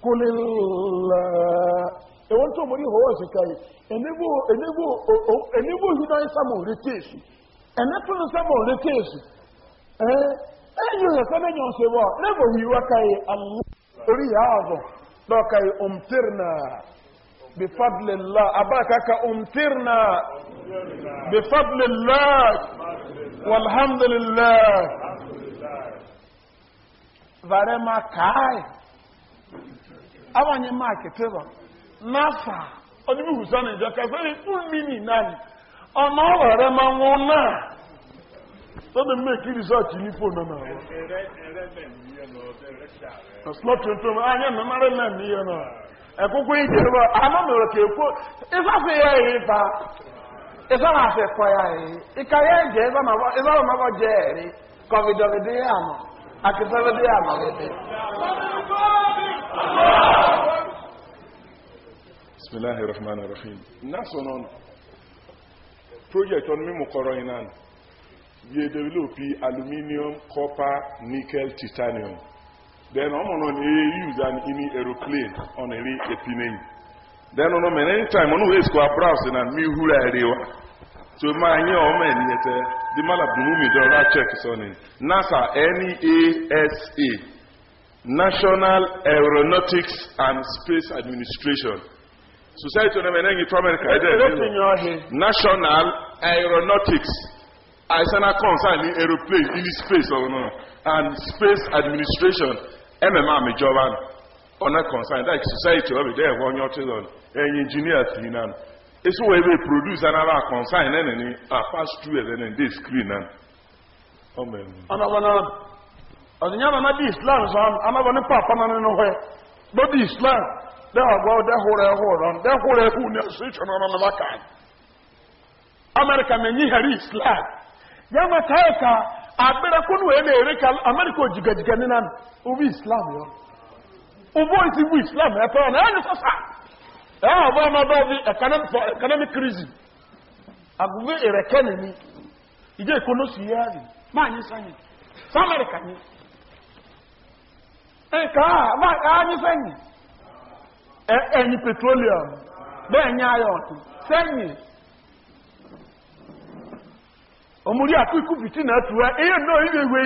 kúlélá èwo tó omori hó ọ̀sẹ̀ kẹrì ẹnibó ẹnibó ẹnibó yìí náà sàmù retí èsì ẹni tó ń sàmù retí èsì ẹ ẹ yìí rẹ̀ fẹ́ mẹ́yàn ṣe wọ́ lẹ́bọ̀ yìí wákàyè àlọ́ orí yàrá ọ̀dọ̀ dɔka yi umtirna bifadlillah abaka ka umtirna bifadlillah walhamdulillah varema kai awanye ma kete ba nafa ɔdi bi husa na ìjọ kẹfẹ ni fún mi nìyí náà ma wọn náà. Let them make research in phone now. That's not your term. I am not a man here now. A cook in Jehovah, I'm not a people. If I say, if I say, if I say, eh, if I say, if I say, if I say, eh, if I say, COVID of the day, I'm not. I can tell the day I'm not. بسم الله الرحمن الرحيم ناس ونون project on me مقرأ ينان yẹ developi aluminium copper nickel titanium then ọmọ náà ni e use an ini aeroplane ọ̀nà èrè epineyi then ọ̀nà mẹ́rin anytime ọ̀nà wẹ́ẹ̀sì kọ́ abúráùsì náà mi húra ẹ̀rẹ́ wa tí o máa yẹ ọmọ ẹ̀ nìyẹn tẹ di mala bùnúmi dọ́ra check sọ́ni nasa nasa e national aeronautics and space administration society ọ̀nà mẹ́rin ẹ̀yìn tó amẹ́ríkà ẹ̀dẹ́ ẹ̀dẹ́ national aeronautics. àìsànà concern aeroplane in space or no and space administration mma àmìjọba ọ̀nà concern like society ọ̀bì dẹ́ ẹ̀wọ̀ ọ̀nyọ́ tí lọ́nà engineer tì í náà èso wọ̀ produce another concern and ní a fast through ẹ̀ lẹ́nì dé screen náà. ọ̀nà ọ̀nà ọ̀dìyàn náà di islam sọ anábọ̀ nípa àpamọ́ nínú hẹ́ lódì islam dẹ́wọ̀ gbọ́ dẹ́hùrẹ́ ẹ̀hùrọ̀ dẹ́hùrẹ́ ẹ̀hùn ní ọ̀sùn ìṣọ̀nà ọ̀nà mẹ́ta kàn amẹ́ríkà mẹ́yìn hẹ́rì islam. ya táyà ká àgbẹ̀rẹ̀kúnnù ẹ̀ na rí ká amẹ́ríkà òjìgàjìgà nínú orí islam bu islam ya fẹ́ràn ẹ̀ ní sọ́sà ẹ̀ hàn bá ọmọ bá di economic reason àgùnbé ìrẹ̀kẹ́ nìní ìjẹ́ ìkóná sí yá rí máa ní sẹ́yìn sámẹ́ríkà ní ẹ̀ka e máa anyị. E, e petroleum omuri akụ iku biti na atuwa eh? ihe nnọọ ihe iwe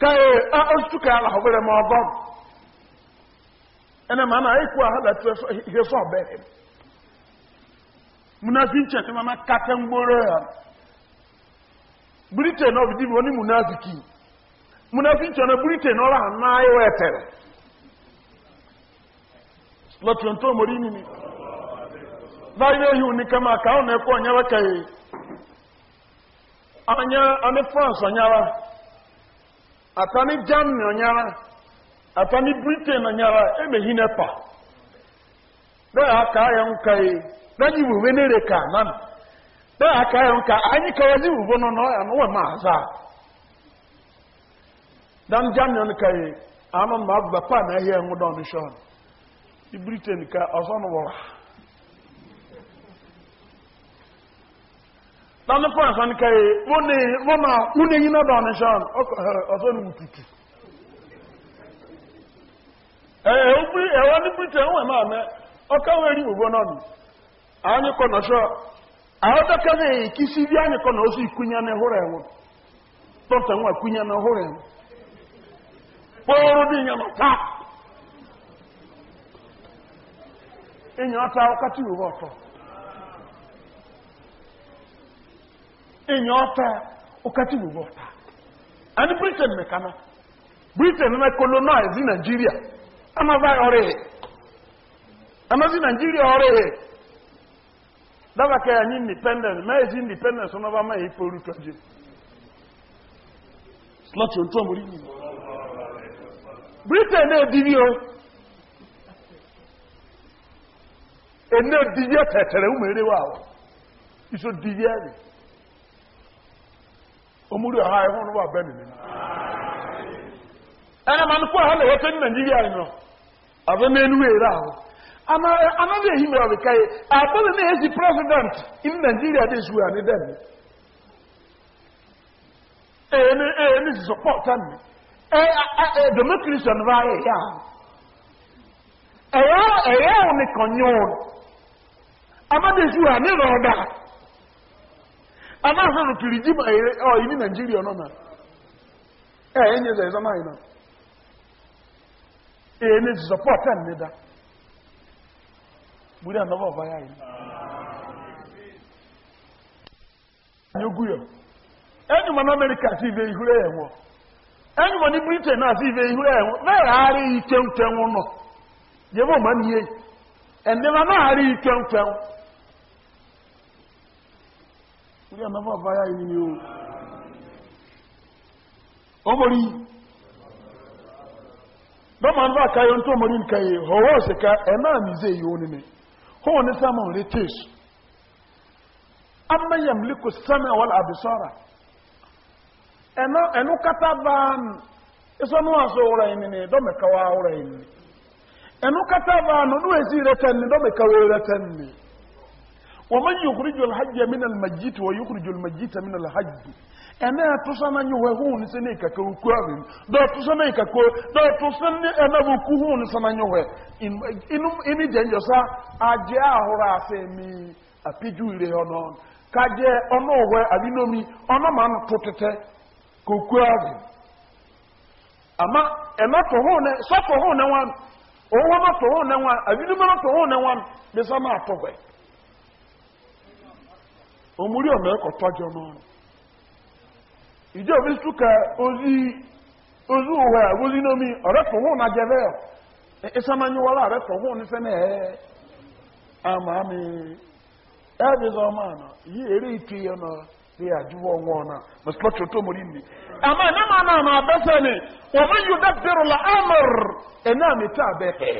ka eh, otu ka ala obere ma ọ bọm ene mana eh, ikwu aha latu ihe so obere munazi nchete mama kata mgboro ya britain of dibi oni munazi ki munazi nchete britain ọrụ ha na ayụ etere lọtụ ntọ omori nini ba ihe ihu ni kama ka ọ na-ekwu ka wekaghị anya ani france onyara atani germany onyara atani britain onyara emeghi nepa bẹ́ẹ̀ aka ayẹ nka yi e. n'anyi wuwe n'ere ka nan bẹ́ẹ̀ aka ayẹ nka anyị kawazi wuvo no na ọya n'ụwa maa zaa dan germany nka yi anọ na agụba paa na ahịa ịnwụ dọọ n'ishọn britain ka ọzọ n'ụwa. lọ́nà fún ẹ̀sán ní kẹrẹ wọ́n máa wọ́n ní yínà bá ọ̀nà ṣáà ọ̀sán ìwùtìtì ẹ̀wọ́n ní britain wọ́n na mẹ́ ọkọ̀wé rí gbogbo náà nù àányíkọ̀nà ṣọ́ àádọ́kẹ́lẹ̀ kí sí anyị àányíkọ̀nà na na ịhụrụ nwa na ịhụrụ dị ọtọ. ịnya ọta ụkati wuru ọta britain mekana britain na colonize nigeria amazi amazi nigeria ọrịa daba ka anyị independence mee ezi independence ọnọba amaghị ife britain o e tetere ụmụ iso Omuru ọ̀há ẹ̀hún ló wà bẹ́ẹ̀ni nínú. ẹnì máa ń kó ọ̀há lẹ̀wọ́ tó ní nàìjíríà yìí nọ àbẹ mẹ́nu wẹ̀rẹ̀ àwọn. àmà anáde èyí mi ọ̀rẹ́ káyé àtọ́lẹ̀ ní èsì president in nàìjíríà dé ìṣúra ní dẹ́mi. èyí èyí ní sọ̀pọ̀ tẹ́mi ẹ ẹ democration bá yẹ yá. ẹ̀yà ẹ̀yà òní kàn yún un. amáde ìṣúra ní ìrọ̀ amaghị rụpiri ji ma ere ọyị naijiria nọ na ee eh, enyeza ịza maghị na ee eh, na-eji sọpọt a nneda gburu ya nọba ọba ya yi anyị ogwu ya enyi mana amerịka si ibe ihure ya enwọ enyi mana britain na si ibe ihu ya enwọ na-egharị ike nkwenwụ nọ yebe ụmụ ihe endema na-agharị ike nkwenwụ ilé ọ̀nà fọ́ fáyá yìí ni o mori bọ́mọ̀ ní bá káyọ tó mori nǹkan yìí họwọ́ òsìká ẹ̀nà àmìzẹ́ yìí ó nínú hó ní sámọ̀ rí tèṣù amáyàm líkò sámẹ̀ wọ́n àbìsọ́ra ẹnu kátà bá ń isọ́ ní wọ́n sọ wúra yìí ni dọ́mẹ̀káwá wúra yìí ẹnu kátà bá ń nínú rẹ̀ tẹ́ni dọ́mẹ̀káwá rẹ̀ tẹ́ni ومن يخرج الحج من المجيت ويخرج المجيت من الحج انا تصنع يوهون سنيكا كوكوين دا تصنع كو دا تصنع انا بوكوهون سنع يوه ان ان جنجسا اجا هورا سمي apiju ire ọnọ kaje ọnọ ọwẹ abinomi ọnọ ma n tutete koku avi ama ẹna tọhọ ne ma tọhọ ne wan abinomi omuri ọ̀nà ẹ̀kọ́ tọ́jọ́ náà ìjọ òfin túkà ozi ozu òwe àgbózi nomi ọ̀rẹ́ fọ̀hún na jẹ bẹ́ẹ̀ ìsàmányiwọlá ọ̀rẹ́ fọ̀hún ní sẹ́ni ẹ̀ àmà mi ẹ̀ bí sọ ọmọ àná yìí èrè ìtì yẹn náà ní àdúgbò ọwọ́ náà mọ̀sílọ́tì tó mọ̀rí mi. àmà ní màá náà máa bẹ́ sẹ́ni wọ́n mi yóò dẹ́bẹ̀rù la amọ̀r ẹ̀ náà mi tà bẹ́ẹ̀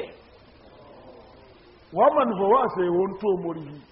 wọ́n mọ̀ nìfọwọ́ àṣẹ ìwọ̀n tó mọ̀rí yìí.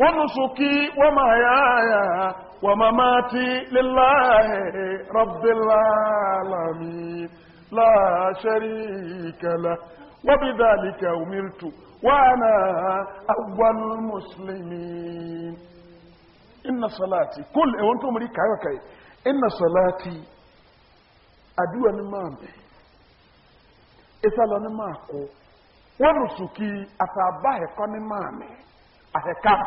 ونسكي ومحياي ومماتي لله رب العالمين لا شريك له وبذلك أمرت وأنا أول المسلمين إن صلاتي كل إيه، وأنتم لي كاي إن صلاتي أدوى نمامي إسالة نماكو ونسكي أتابعي كوني مامي أهكام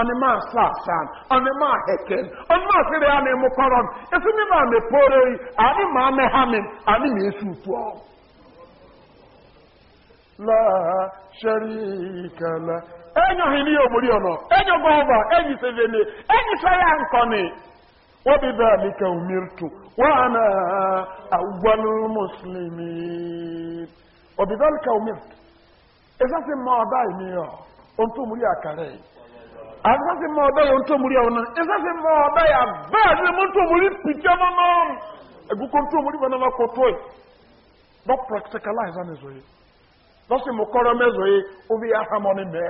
ọnịma asasan ọnịma aheken ọnịma asịrị ya na-emu esi n'ime a mepere yi anyị ma ame ha mi anyị ma esi ukwuọ la sharikala enyoghị n'ihe ogbori ọnọ enyo gọva enyi sevene enyi sọya nkọni وبذلك أمرت وأنا أول المسلمين وبذلك أمرت إذا في ما دايمي أنتم لي أكاري asase ma ɔbɛ yɛ ntomori awo nan asase ma ɔbɛ yɛ abɛ ɛsɛ mo ntomori pitya mo nan eguko ntomori fana ma koto yi bɔ practicalize ane zo yi lɔsi mo kɔrɔ mɛ zo yi obi yɛ ahamɔ ne mɛ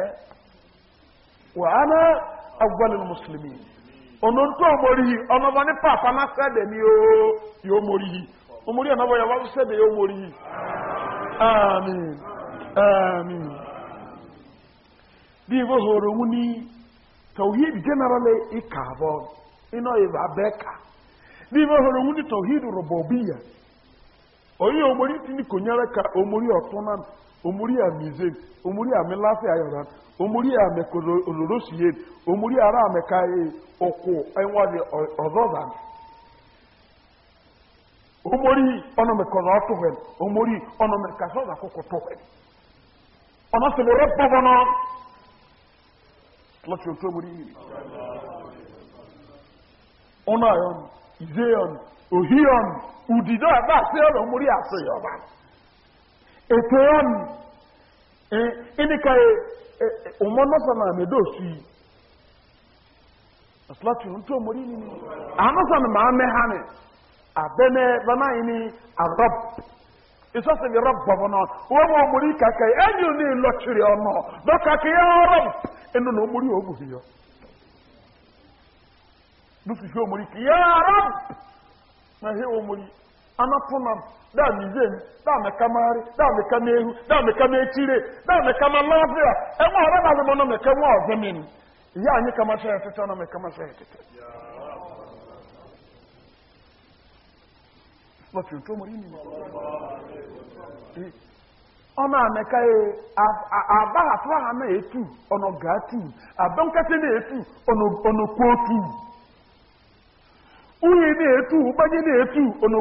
wa ana agbali muslimi ɔno ntomori yi ɔnɔbɔ ne papa na sɛ de ni yoo yɛ omori yi omori yɛ nɔbɔ yɛ wa sɛ de yɛ omori yi amen amen bí ibo horo mu tawhid generally ikavo ino ibabeka n'ime hụrụ nwunye tawhid rububiya onye omori tinye konyere ka omori ọtụna omori amize omori amilafi ayọra omori amekoro olorosie omori ara ameka ụkwụ enwadi ọzọza omori ọnọmekọrọ ọtụhwe omori ọnọmekasọza kwụkwụ tụhwe ọnọsịlụrụ bọbọnọ Otu otu omuli iri. Ono aya, ize onu, ohiy onu, udido adu ase onu omuli asu yoba. Ete onu, ị ka e e na nedosi. Otu lati otu omuli nini, anụsa n'amahane, abe na ebanaghị na arụrụp. ìsọ́sìn mi rọ́bù bọ̀bọ̀ náà wọ́n mọ̀ mórí kàkà ẹ̀yìn ní ìlọ́tìrì ọ̀nà lọ́kà kí ẹ rọ́bù inú ló mórí ògùn sí yọ. lùsù fi na ihe òmórí anapuna dáa nìyẹn dáa mẹka mari dáa mẹka n'ehu dáa mẹka n'etire dáa mẹka ọ tó mọ̀rí ni ọmọ àmẹ́ká ẹ àbára tó wà náà ètù ọ̀nà gàátù àbẹ́ńkẹ́tẹ́ náà ètù ọ̀nà kóòtù uyi náà ètù gbájẹ́ náà ètù ọ̀nà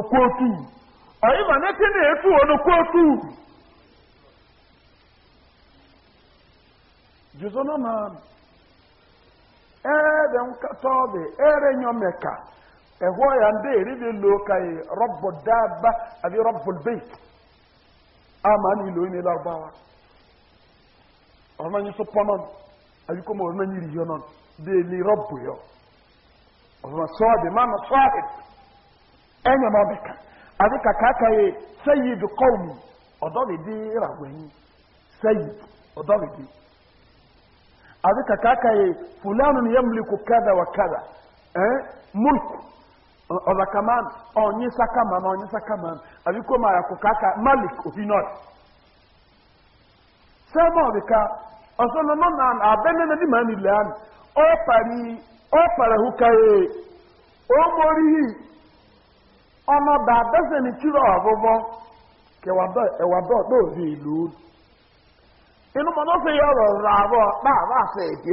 ɛhɔ yɛ an bɛyɛ ɛri bi lo ka yi rɔbu daaba a bi rɔbu bɛyi a maa ni lo ni larubawa ɔrɔma nyi so pɔnɔ a bi kɔmi ɔrɔma nyi riyɔ nɔ bɛyɛ ni rɔbu yɔ ɔrɔma sɔɔbi maa ma sɔɔbi ɛnyɛma bɛ kan a bi ka kaka yi sayi bi kɔɔmu ɔdɔ bi di ragwɛnyi sayi ɔdɔ bi di a bi ka kaka yi fulani yamliku kada wa kada ɛɛ mulku. Ọrakama onye ọnyị sakamana ọnyị sakamana. Adikom aya kuka ka Malik Obinadi. Sọlọmọlika ọsọ na ọ nọ na na-abịa na na-edim anyị niile anyị. O pari ọnọdụ abesanị chiri ọgwụgwọ kewado ewado dọọzụ elu Ịnụmọdụ ofe ya ọrụ ọrụ ahụ ọkpa agha ase eji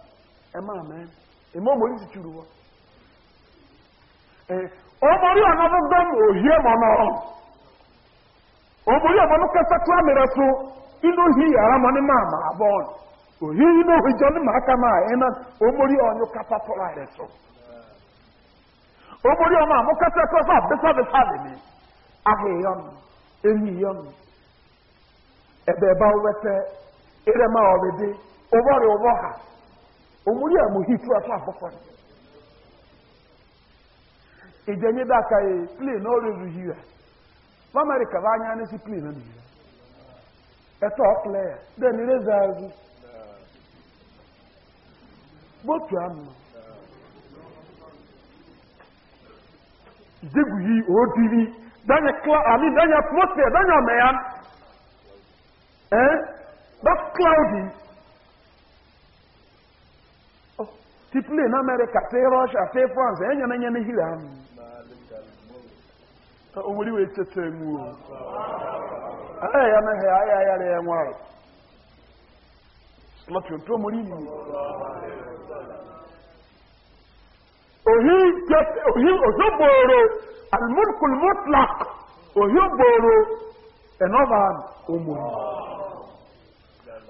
ẹ̀ma mẹ́ ẹ̀ma ọmọ yìí tìtìrì wọ. ọmọ orí ọ̀nà ohie òhìẹ́ mọ̀ náà ọmọ orí tó so inú hi yàrá mọ́ ní máa máa bọ́ ọ̀n inú na ní máa ká máa so. ọmọ tó fà bísàbísà lè mi ahìyàn ènìyàn bá omuli a muhitu ato abɔfra ìdẹ́nyé dàkà yìí plane náà rẹ̀ rìí yà lamẹ́ríkà bá nyá ní sí plane náà nìyà ẹ̀tọ́ ọ̀pẹ̀lẹ̀ yà bẹ́ẹ̀ ni rẹ́zà ẹ̀rú bóòtù àmì ìdígù yìí ó di ní dányà kílá àmì dányà atmosphere dányà mẹ́yà ẹ́ bá cloud yìí. ti play na america ti russia ti france ẹ̀yẹ́ na ẹ̀yẹ́ na hìlẹ̀ àmì omori wee tete mu o ẹ̀yẹ́ ya na ẹ̀yẹ́ ayé ayé rẹ̀ ẹ̀wọ̀n rẹ̀ lọ́tí òtú omori ni òhì òjòbòrò almulkul mutlak òhì òbòrò ẹ̀nọ́bà omori.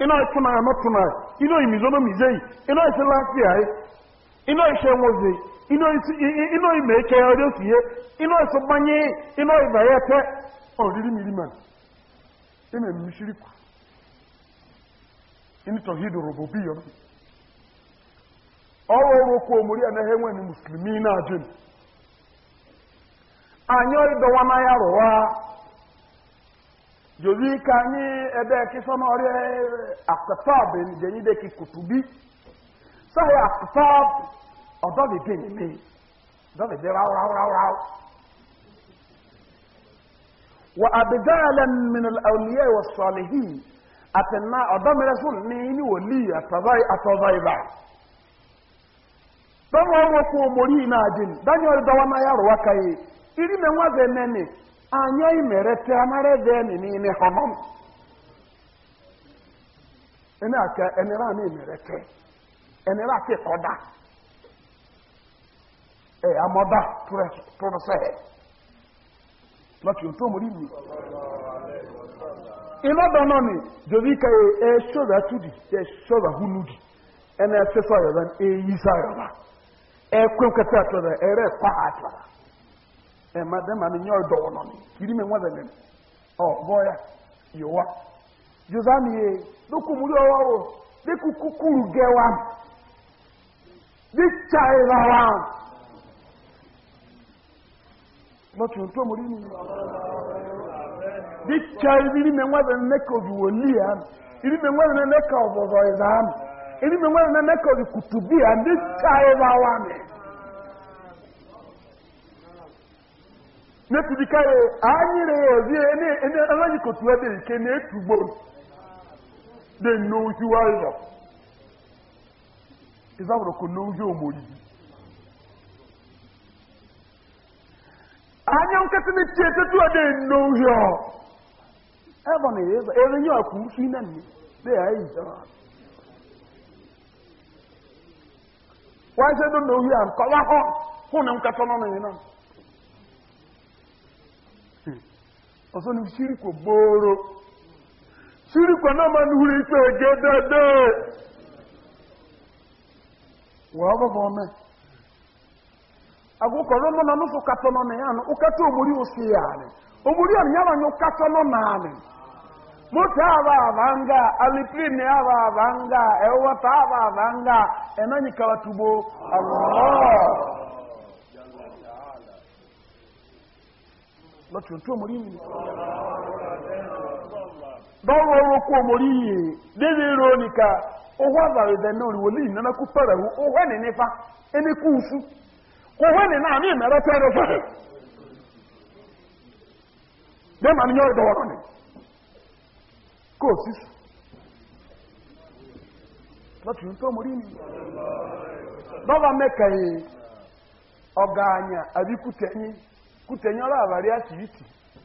ina tuna na tuna ino e. e. I no mizei ino ise lati ai ino ise wozi ino isi ino imeke odo fiye ino ise banye e. ino ibaye pe oriri miliman ime mishiriku ini tawhid rububiyya ọrụ ọrụ okwu omori a naghị enwe musulmi na ajụ anyị ọrịdọwa na ya rụwa jozi ka anyị ebe kisọm ọrịa akpapab jenyi deki kutubi sahi akpapab ọdọbi gịnị mee dọbi dị raw raw raw raw wa abidalan min al-awliya wa salihin atanna ọdọmere sun ni ni wali atazai atazai ba dọwọ wọn kò mori na ajin danyọ dọwọ na yaro wakaye iri me nwa zenene anya imerete amara veni n'ime họmọm ene aka enere a na-emerete enere aka ịkọda ee amọda pụrụsịrị lọtụ otu omori igbu ịlọdọ nọ ni jọbi ka e shọra tudi e shọra hunudi ene efesa yọba eyi sa yọba ekwe nkata atọrọ ere kwa atọrọ ɛma dɛma ne nyɛ ɔdɔwɔ nɔ ne kiri mi ŋmɔdɛ ne ɔ bɔya yowa yosa mi ye doko mu yɔ wɔwɔ de ko kukuru gɛ wa de tsa yi la wa lɔtun tó mo di ni de tsa yi bi mi ka o bi wò li ya ibi mi bi kutu bi tsa wa n'etudika ya anyị ya ozi ene anaghị kotu ebe ike na-etugbo dị n'ozi wayọ ịzabụrụ ko n'ozi omori anya nkịtị n'eti etetu dị n'ozi ọ ebe na ịza ebe nye ọkụ nsi na nne dị ya eyi zara wáyé sẹ́dọ̀ n'ozi à nkọ́wá hụ na nkẹtọ́ nọ nìyẹn ọ̀sán ni síríkò gbòòrò síríkò náà máa ń húrí pé ẹgẹ́ dáadáa wọ́n bọ́bọ̀ ọmọ agụkọ rọmọ na nọ na ya na ụkata omori osi ya ni omori ya nyaba nye ụkata nọ moto alipin nga ewata aba nga enanyikawa lọ́tí òtú òmòrí mi dọ́wọ́ orúkú òmòrí yìí dédé ro nìka owó àbàrẹ̀ ìdẹ̀nà òrìwòlì ìnáná kú pẹ̀rẹ̀ hù owó ẹ̀nì nípa ẹni kú usú owó ẹ̀nì náà ní ìmẹ̀rẹ̀ fẹ́rẹ̀ kutenyere abalị atibiti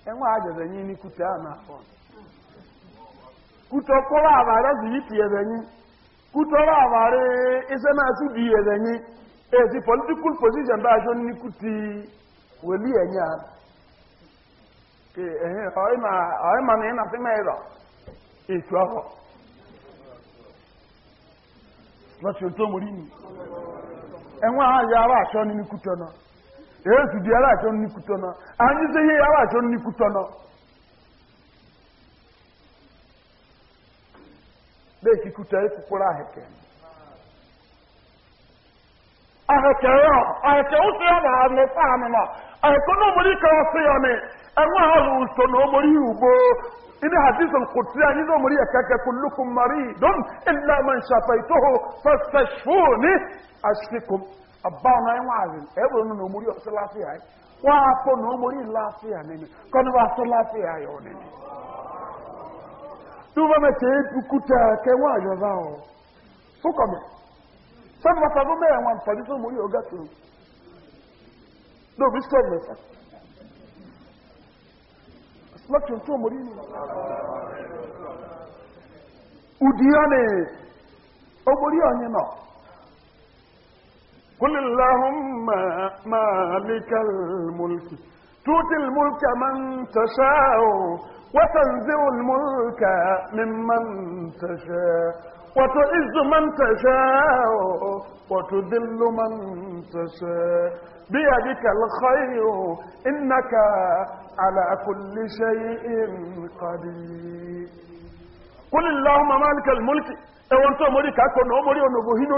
enwe ajọzọ enyi n'ikute a n'afọ kutokola abalị azibiti ebenyi kutola abalị isenasi di ebenyi ezi political position bụ ajọ n'ikuti weli enyi a ọịma na ịnasị ma ịrọ etu ahụ lọsị otu omori ni enwe ajọ aba achọ n'ikutu na. èsù di aláàjọ nìkútọ náà àyíṣe yé aláàjọ nìkútọ náà. bẹ́ẹ̀ kí kúta yẹ kúkúrú ahẹ̀kẹ́. ahẹ̀kẹ́ yọ ahẹ̀kẹ́ ó sì ọ̀nà àmì fáàmì náà ahẹ̀kẹ́ náà mo ní ká ọ sí ya ẹ̀wọ̀n àrùn ìṣò náà mo rí ìwúgbó ini qudsi ani kullukum maridun illa man fastashfuni ashfikum Aba ẹ wọn àrùn ẹ wọn nínú omori ọsẹ láfíà ẹ wọn àpò ní omori láfíà nínú kọ́ni wọn asọ láfíà ẹ ọ nínú. tí wọn bá tẹ ẹdùkú tẹ nwaanyị wọn ọ fúkọ̀mẹ sọ́ni bàtà ló mẹ́rin wọn àǹfààní sí omori قل اللهم مالك الملك تؤتي الملك من تشاء وتنزع الملك ممن تشاء وتعز من تشاء وتذل من تشاء بيدك الخير إنك على كل شيء قدير قل اللهم مالك الملك ewon مريكا كونو مريو ko هينو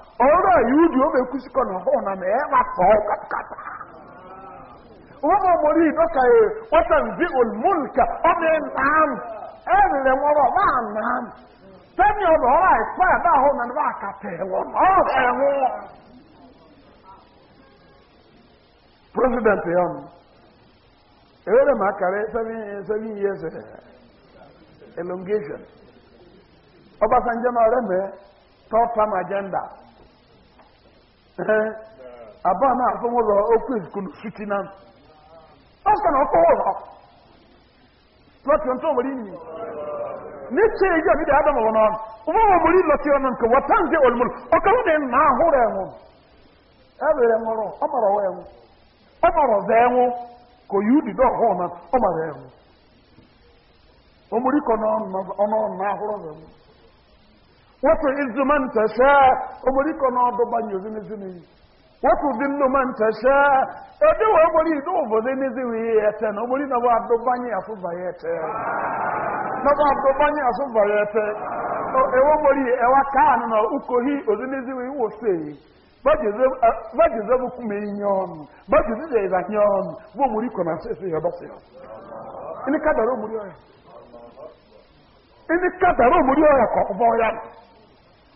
ọrụ a iwu dị o mekwusikọ na ọhụụ na mee ma tọọ e katakata ụmụ mụrụ ido ka e nwata nzi olmulka ọ mee nnaam erere nwọrọ ma e nnaam e temi ọrụ ọrụ a ekpe a na ahụ na nba akata ewu ọrụ ewu president ya m ewere m akara seven years eh, elongation ọbasanjo na ọrịa mee third term abaa na afọ nwụrụ okwu ezikwu n'osisi na ọsọ na ọkọ ụlọ lọtị ntọ nwere imi n'eche eji ọdịdị adam ụlọ ụmụ ụmụ mụrụ ịlọtị ọnụ nke wata nze olumuru ọkọrọ ụmụ na ahụrụ enwu ewere nwụrụ ọ mara ọwa enwu ọ mara enwu ka oyi udi dị ọhụụ na ọ mara enwu n'ọnụ na ahụrụ وتعز من تشاء أمريكا نعضو بان يزيني زيني وتذل من تشاء أدو أمري دوفو زيني زيني يتن أمري نوعضو ya ete يتن نوعضو بان يصوب يتن ewo mori ewa na ukohi oziniziwe iwo sei bajize bukume inyonu na eza nyonu ya muri ini oya ini oya ya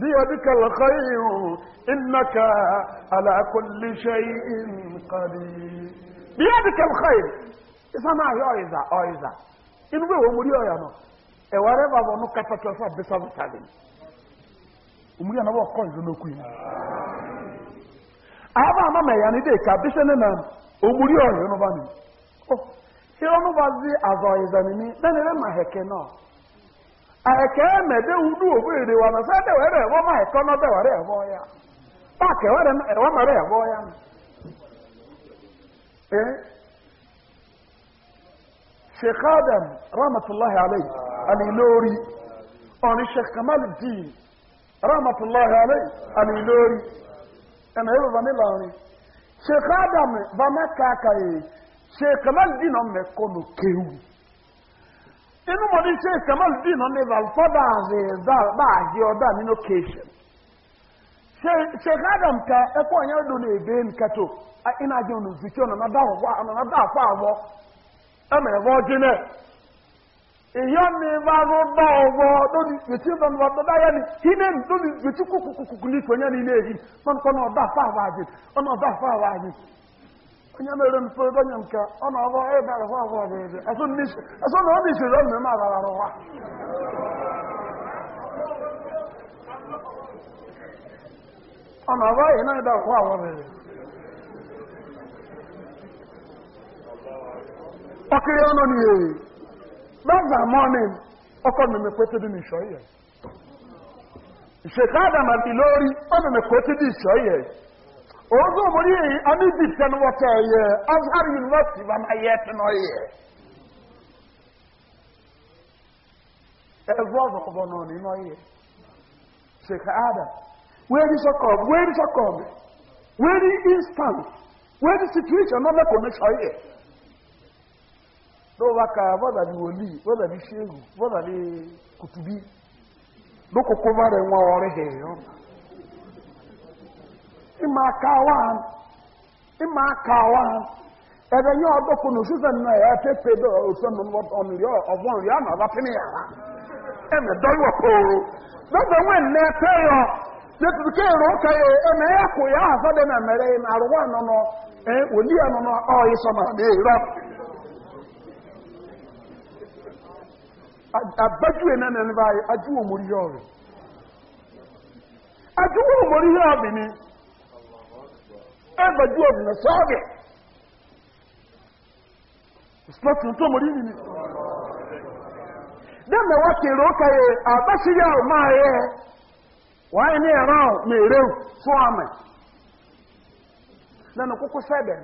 بيدك الخير إنك على كل شيء قدير بيدك الخير إذا ما هي إن هو مريو يا نو أوارب أبو نكتة كفا بسبب سالم umuri anawo ọkọ ìrònúkú ekemede udu obere wa na sade were ewo ma ekono be were ewo ya ba ke were ewo ma re ewo ya eh Sheikh Adam rahmatullah alayhi ani lori oni Sheikh Kamaluddin rahmatullah alayhi ani lori ana yebo bani lori Sheikh Adam ba makaka e Sheikh Kamaluddin on me kono kewu inú mọ̀ ní ṣe kamaludin ọ̀nẹ́bà fọ́dà àzẹ̀ẹ́dàbáàjẹ́ ọ̀dà nínú kéṣẹ̀ ṣe adam ka ẹkọ́ ọ̀nyẹ́ ọdún ní èbè nìkẹtò iná jẹ́ ọ̀nà òzùkí ọ̀nà dáàfọ́ àwọ̀ ẹmẹ̀rẹ̀wọ́ jẹ́nẹ̀ ìyọ́ ni bá rú bá ọwọ́ lórí ìtí ìbọnwọ́ tó dáyẹ́ ni onye mere mfe ebe onye nke ọ na ọbọ ebe arụwa ọbọ bụ ebe ọsọ na obi siri ọmụ eme agbara arụwa ọ na ọbọ ihe na ebe arụwa ọbọ bụ ebe ọkịrị ọnụ n'ihe baza mọnin ọkọ mmemme kwete dị n'ishọ ihe ìṣèkádàmà tí ozo omori eyi ani difɛn wɔtɛ yɛ azhar university bana yɛ tɛnɔ yɛ ɛvɔ ɔbɔ nɔɔni nɔ yɛ sheikh adam wɛri sɔkɔm wɛri sɔkɔm wɛri instant wɛri situation ɔbɛ kò ní sɔ yɛ dɔw b'a ka bɔda kutubi lókòkò bá ịma aka awan ịma aka awan ebe nye ọdọkụ na osisi nna ya pepe dị ofe na ọnụrị ọzọ nri a na-aba pịnị ya ha e eme dọyọ poro dọba nwe nne pe ya n'etutu ka ero ụka ya eme ya kwụ ya ahụ dị na mere na arụwa nọ nọ oli e ya nọ nọ n'ọyị sọ na adị ero abaju ene na nne ba ayi omori ya ọrị aju omori ya ọrị ẹgbẹ̀jú ọ̀dùnà sọ́ọ̀bẹ̀ ìsìlọ́tún tó mọ̀rí nìyí dẹ́mẹ̀ wá kèrè ó kàyè àbáṣíyà ò máa yẹ wáyé ní ẹ̀rọ mèrè fún àmì lẹ́nu kúkú sẹ́bẹ̀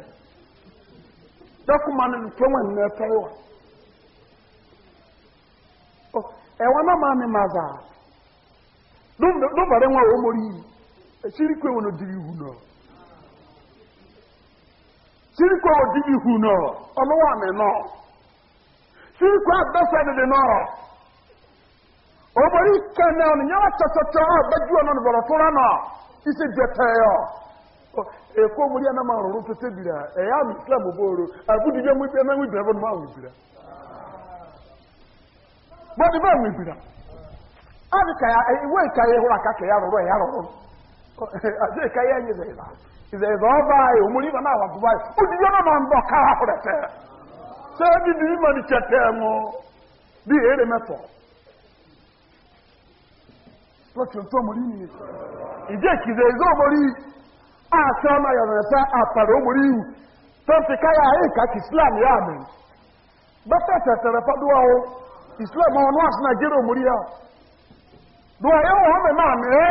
dọ́kùnmá nínú tó wọ̀n ní ẹ̀fẹ́ wà ẹ̀wọ̀n náà máa mi máa zà lóbàrẹ̀ wọn ò sirikwa odi ihu no ɔlɔwɔ mi no sirikwa adasa didi no obori kɛnɛ ɔni nyɛ tɔtɔtɔ a bɛju ɔnɔ ni bɔlɔtɔra no isi jɛtɛɛ ɔ eko omori ɛna ma roro tete bira ɛyɛ e ami islam abudu yɛ mu mu bira bɔ awu bira bɔdi awu bira adi kaya iwe kaya adi kaya ɛnyɛ ìzẹ̀ ìzọ̀ ọba ayò mú nígbà náà wà fún báyìí ó di yọ́nà máa ń bọ̀ kára rẹ̀ tẹ́ ṣé bí ní ìmọ̀ ní tẹ́tẹ́ mu bí èrè mẹ́tọ̀ lọ́tí ọ̀tọ́ mọ̀rí yìí ìjẹ́ ìkìzẹ̀ ìzọ̀ mọ̀rí àti ọmọ yọ̀rọ̀ àtàrà mọ̀rí yìí tó ti káyà ẹ̀ka kì islam yà mí bẹ́tẹ̀ tẹ̀tẹ̀rẹ̀ fọ́dúwà o islam ọ̀nà àti nàìjíríà mọ̀rí yà dùn àyẹ̀wò ọmọ náà mẹ́rẹ́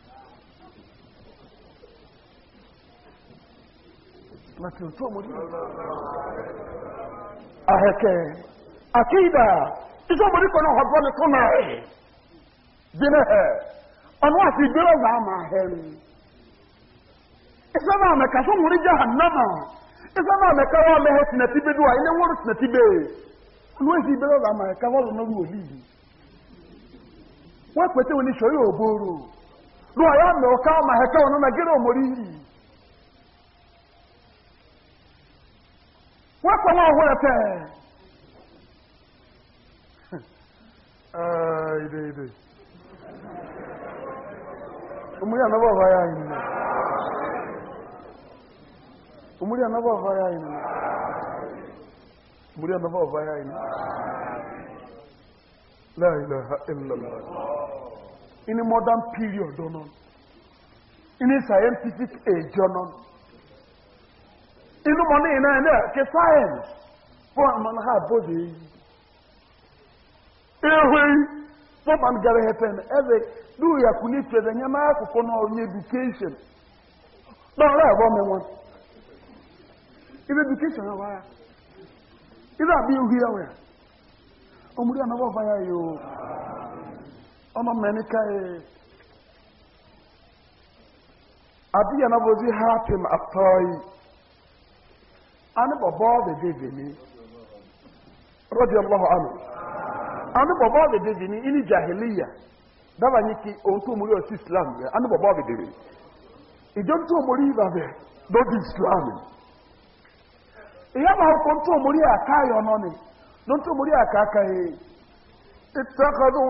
láti òtú ọmọdé ahẹ́kẹ́ iṣẹ́ ọmọdé kan náà ọgbọ́n ẹ̀ àti iṣẹ́ náà mẹ́ka fún jẹ́ hànámà iṣẹ́ náà mẹ́ka wọ́n mẹ́hẹ́ wọ́n kọ́ wọn ọ̀hún ẹ̀tẹ́ ìdè ìdè omúrí ànábọ̀ ọ̀fáyà ìnìyàn omúrí ànábọ̀ ọ̀fáyà ìnìyàn omúrí ànábọ̀ ọ̀fáyà ìnìyàn láìláha ìlàlá in a modern period ọ̀nà in a scientific age ọ̀nà inú mọ̀ ní iná a ṣe sáyẹ̀nsì fún àwọn ha bóde yìí fún àwọn gẹ̀rẹ̀ hẹ̀tẹ̀ ní ẹ̀rẹ̀ lóò ní pẹ̀lẹ̀ ní àkókò náà ní education náà rẹ̀ ẹ̀bọ́ mi wọn ibi education náà wáyà ibi àbí ihu yà wẹ̀ ọmọdé àná wọ́n fà ọmọ mẹ́ni àbí yà náà ani bɔbɔ de de deni rɔdi allahu anu ani bɔbɔ de de deni ini jahiliya daba nyi ki ohun tó islam yɛ ani bɔbɔ de de deni ìjọba tó mori yìí bàbɛ lódi islam ìyá bàbá tó mori nọ ni ló tó mori àkáka yìí ìtàkàdùn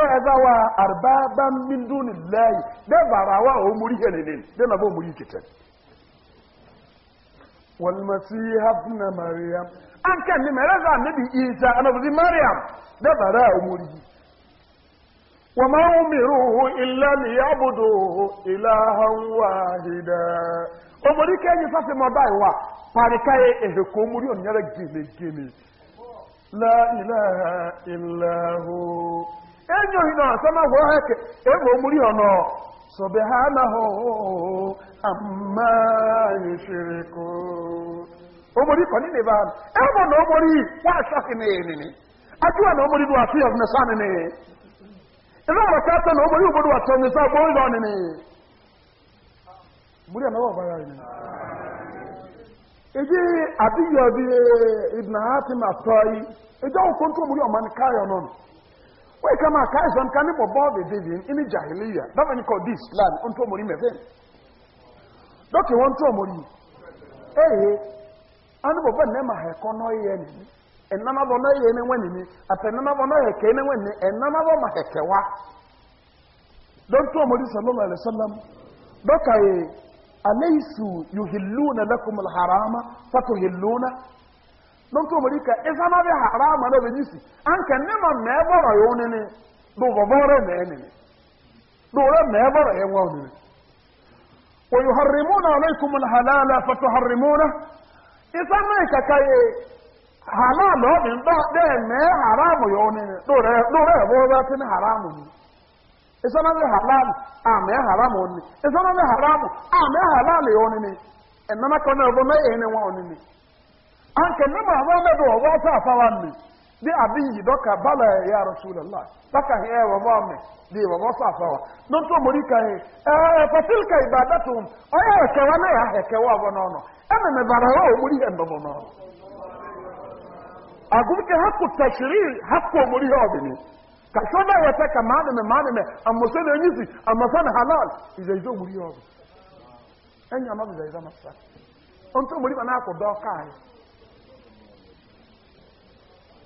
ẹ̀ẹ́dá wa àrùbá bá ń bí dún dẹ́bàrà múrí múrí kìtẹ́. wọ́n mọ̀ sí mariam ni níbi ìjà anabudi mariam dẹ́bàrà múrí yìí. wọ́n máa ń mìíràn ohun ilá ní abudu kẹ́yìn sọ́sẹ̀ mọ́ báyìí wà pàríkáyé múrí enyoghị na asamahụ ọha ke amma ko kọ ba ebe na omuri wa asọghị na enene ajụwa na omuri bụ asị ọzọ sa nene ebe ọrụ ka atọ na omuri obodo atọ nisa bụ ụlọ ọnene muri anaghị ya eji ibn hatim eji akwụkwọ wee kama ka ịzọ nka ndị bọbọ dị dị jahiliya dọba ndị kọdị islam ntụ omori mebe dọkị wọn ntụ omori ehe ndị bọbọ nne ma ha ekọ n'ọyịa nini ẹnanabọ n'ọyịa enenwe nini ata ma ha ekewa dọntụ omori sallallahu alaihi wasallam aleisu yuhilluna lakum alharama fatuhilluna don ko mori ka isa na bi harama na bi nisi an ka ne ma me boro yo ne ne do bo boro me ne ne do re me boro e wo ne wa yuharrimuna alaykum alhalal fatuharrimuna isa na ka kai halal o din do de me haramu yo ne ne do re do re bo ba tin haramu ni isa na bi halal a me haramu ni isa na bi haramu a me halal yo ne ne enama ko na bo me ene wo ne ne anka ne muhammad wa wa sa fawan ne bi abin yi ka bala ya rasulullah saka he wa wa me bi wa wa sa fawa to mori ka he eh, eh fasil ka o ya ke na ya he ke wa no e bara wa mori he ke ha ka ta me me halal mori ha enya ma sa mori ba na ko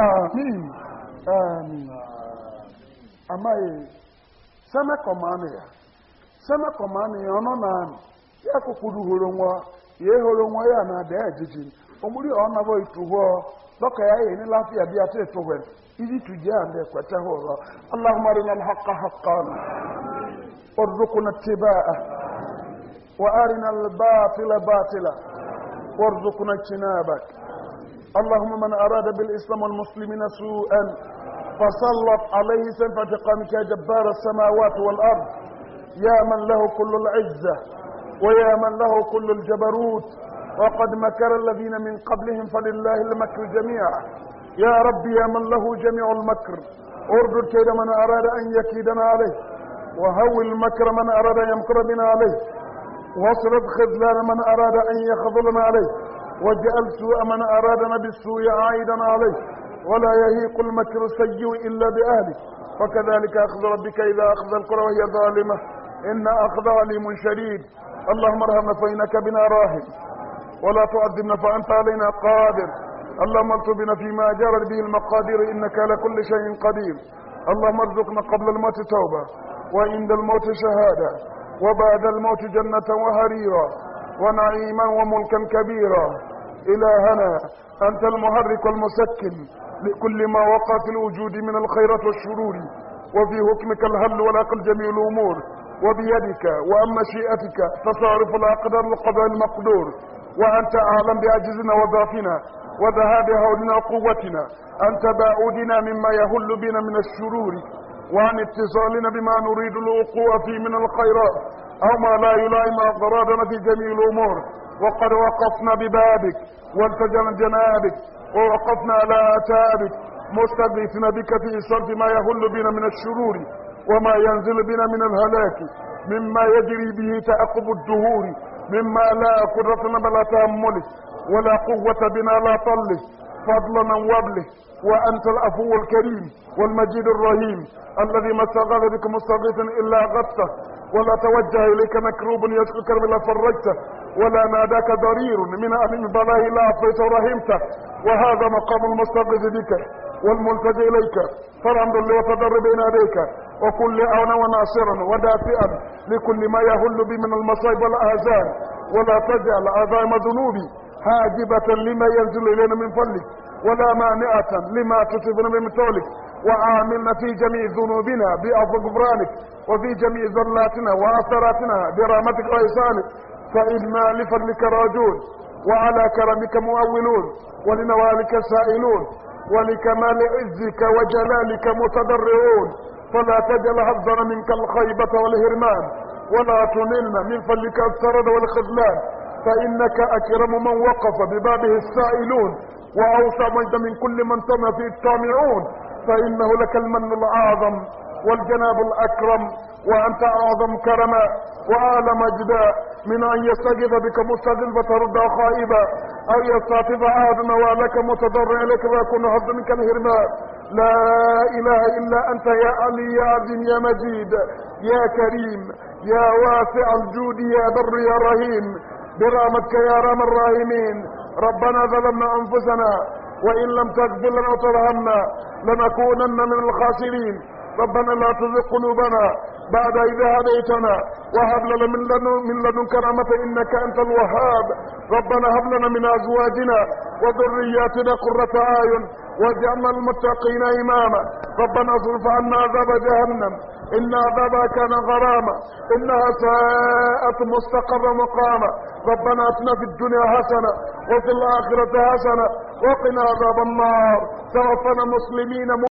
آمين آمين أما سما كمانيا سما ya ya نان يا ya هولونوا يا هولونوا يا نادا جيجين omuli ọna bọ ituhọ dọka ya yi ni ya bi ati ituhọ idi tuje ande kwata horo allahumma arina alhaqa na warzuqna ittiba'a wa arina na batila na اللهم من أراد بالإسلام والمسلمين سوءا فسلط عليه سيف اعتقامك يا جبار السماوات والأرض يا من له كل العزة ويا من له كل الجبروت وقد مكر الذين من قبلهم فلله المكر جميعا يا ربي يا من له جميع المكر اردد كيد من أراد أن يكيدنا عليه وهو المكر من أراد أن يمكر بنا عليه واصرف خذلان من أراد أن يخذلنا عليه واجعل سوء من أرادنا بالسوء عائدا عليه ولا يهيق المكر السيء إلا بأهله وكذلك أخذ ربك إذا أخذ القرى وهي ظالمة إن أخذ عليم شديد اللهم ارحمنا فإنك بنا راحم ولا تعذبنا فأنت علينا قادر اللهم ارتبنا فيما جرت به المقادير إنك على كل شيء قدير اللهم ارزقنا قبل الموت توبة وعند الموت شهادة وبعد الموت جنة وهريرا ونعيما وملكا كبيرا إلهنا أنت المحرك والمسكن لكل ما وقع في الوجود من الخيرات والشرور وفي حكمك الهل والأقل جميع الأمور وبيدك وأما مشيئتك تصارف الأقدار والقضاء المقدور وأنت أعلم بعجزنا وضعفنا وذهاب هولنا وقوتنا أنت باعودنا مما يهل بنا من الشرور وعن اتصالنا بما نريد الوقوع فيه من الخيرات أو ما لا يلائم أضرابنا في جميع الأمور وقد وقفنا ببابك والتجنا جنابك ووقفنا على أتابك مستغيثنا بك في صرف ما يهل بنا من الشرور وما ينزل بنا من الهلاك مما يجري به تأقب الدهور مما لا قدرتنا بلا تأمله ولا قوة بنا لا طله فضلا وابله وأنت الأفو الكريم والمجيد الرحيم الذي ما استغاث بك مستغيث إلا أغثته ولا توجه إليك مكروب يشكو كرم إلا فرجته ولا ناداك ضرير من أهل البلاء لا عفيت ورحمته وهذا مقام المستغيث بك والملتج إليك فالحمد لله وتضر بين يديك وكل أعنا وناصرا ودافئا لكل ما يهل بي من المصائب والأهزان ولا تجعل عظائم ذنوبي حاجبة لما ينزل إلينا من فلك ولا مانعة لما تصفنا من طولك وآمنا في جميع ذنوبنا بأرض غفرانك وفي جميع ذلاتنا وأثراتنا برحمتك وإحسانك فإنا لفضلك راجون وعلى كرمك مؤولون ولنوالك سائلون ولكمال عزك وجلالك متضرعون فلا تجل حظنا منك الخيبة والهرمان ولا تنلنا من فلك السرد والخذلان فإنك أكرم من وقف ببابه السائلون وأوسع مجد من كل من تم فيه السامعون فإنه لك المن الأعظم والجناب الأكرم وأنت أعظم كرما وأعلى مجدا من أن يستجب بك مستجد فترد خائبا أو يستعطف أحد موالك متضرع لك ويكون هض منك الهرمان لا إله إلا أنت يا علي يا عظيم يا مجيد يا كريم يا واسع الجود يا بر يا رهيم برامتك يا رام الراحمين ربنا ظلمنا أنفسنا وإن لم تغفر لنا وترحمنا لنكونن من الخاسرين ربنا لا تزغ قلوبنا بعد إذا هديتنا وهب لنا من لدن من لدنك رحمة إنك أنت الوهاب ربنا هب لنا من أزواجنا وذرياتنا قرة أعين واجعلنا المتقين إماما ربنا اصرف عنا عذاب جهنم إن عذابها كان غراما إنها ساءت مستقرا مقاما ربنا أتنا في الدنيا حسنة وفي الآخرة حسنة وقنا عذاب النار توفنا مسلمين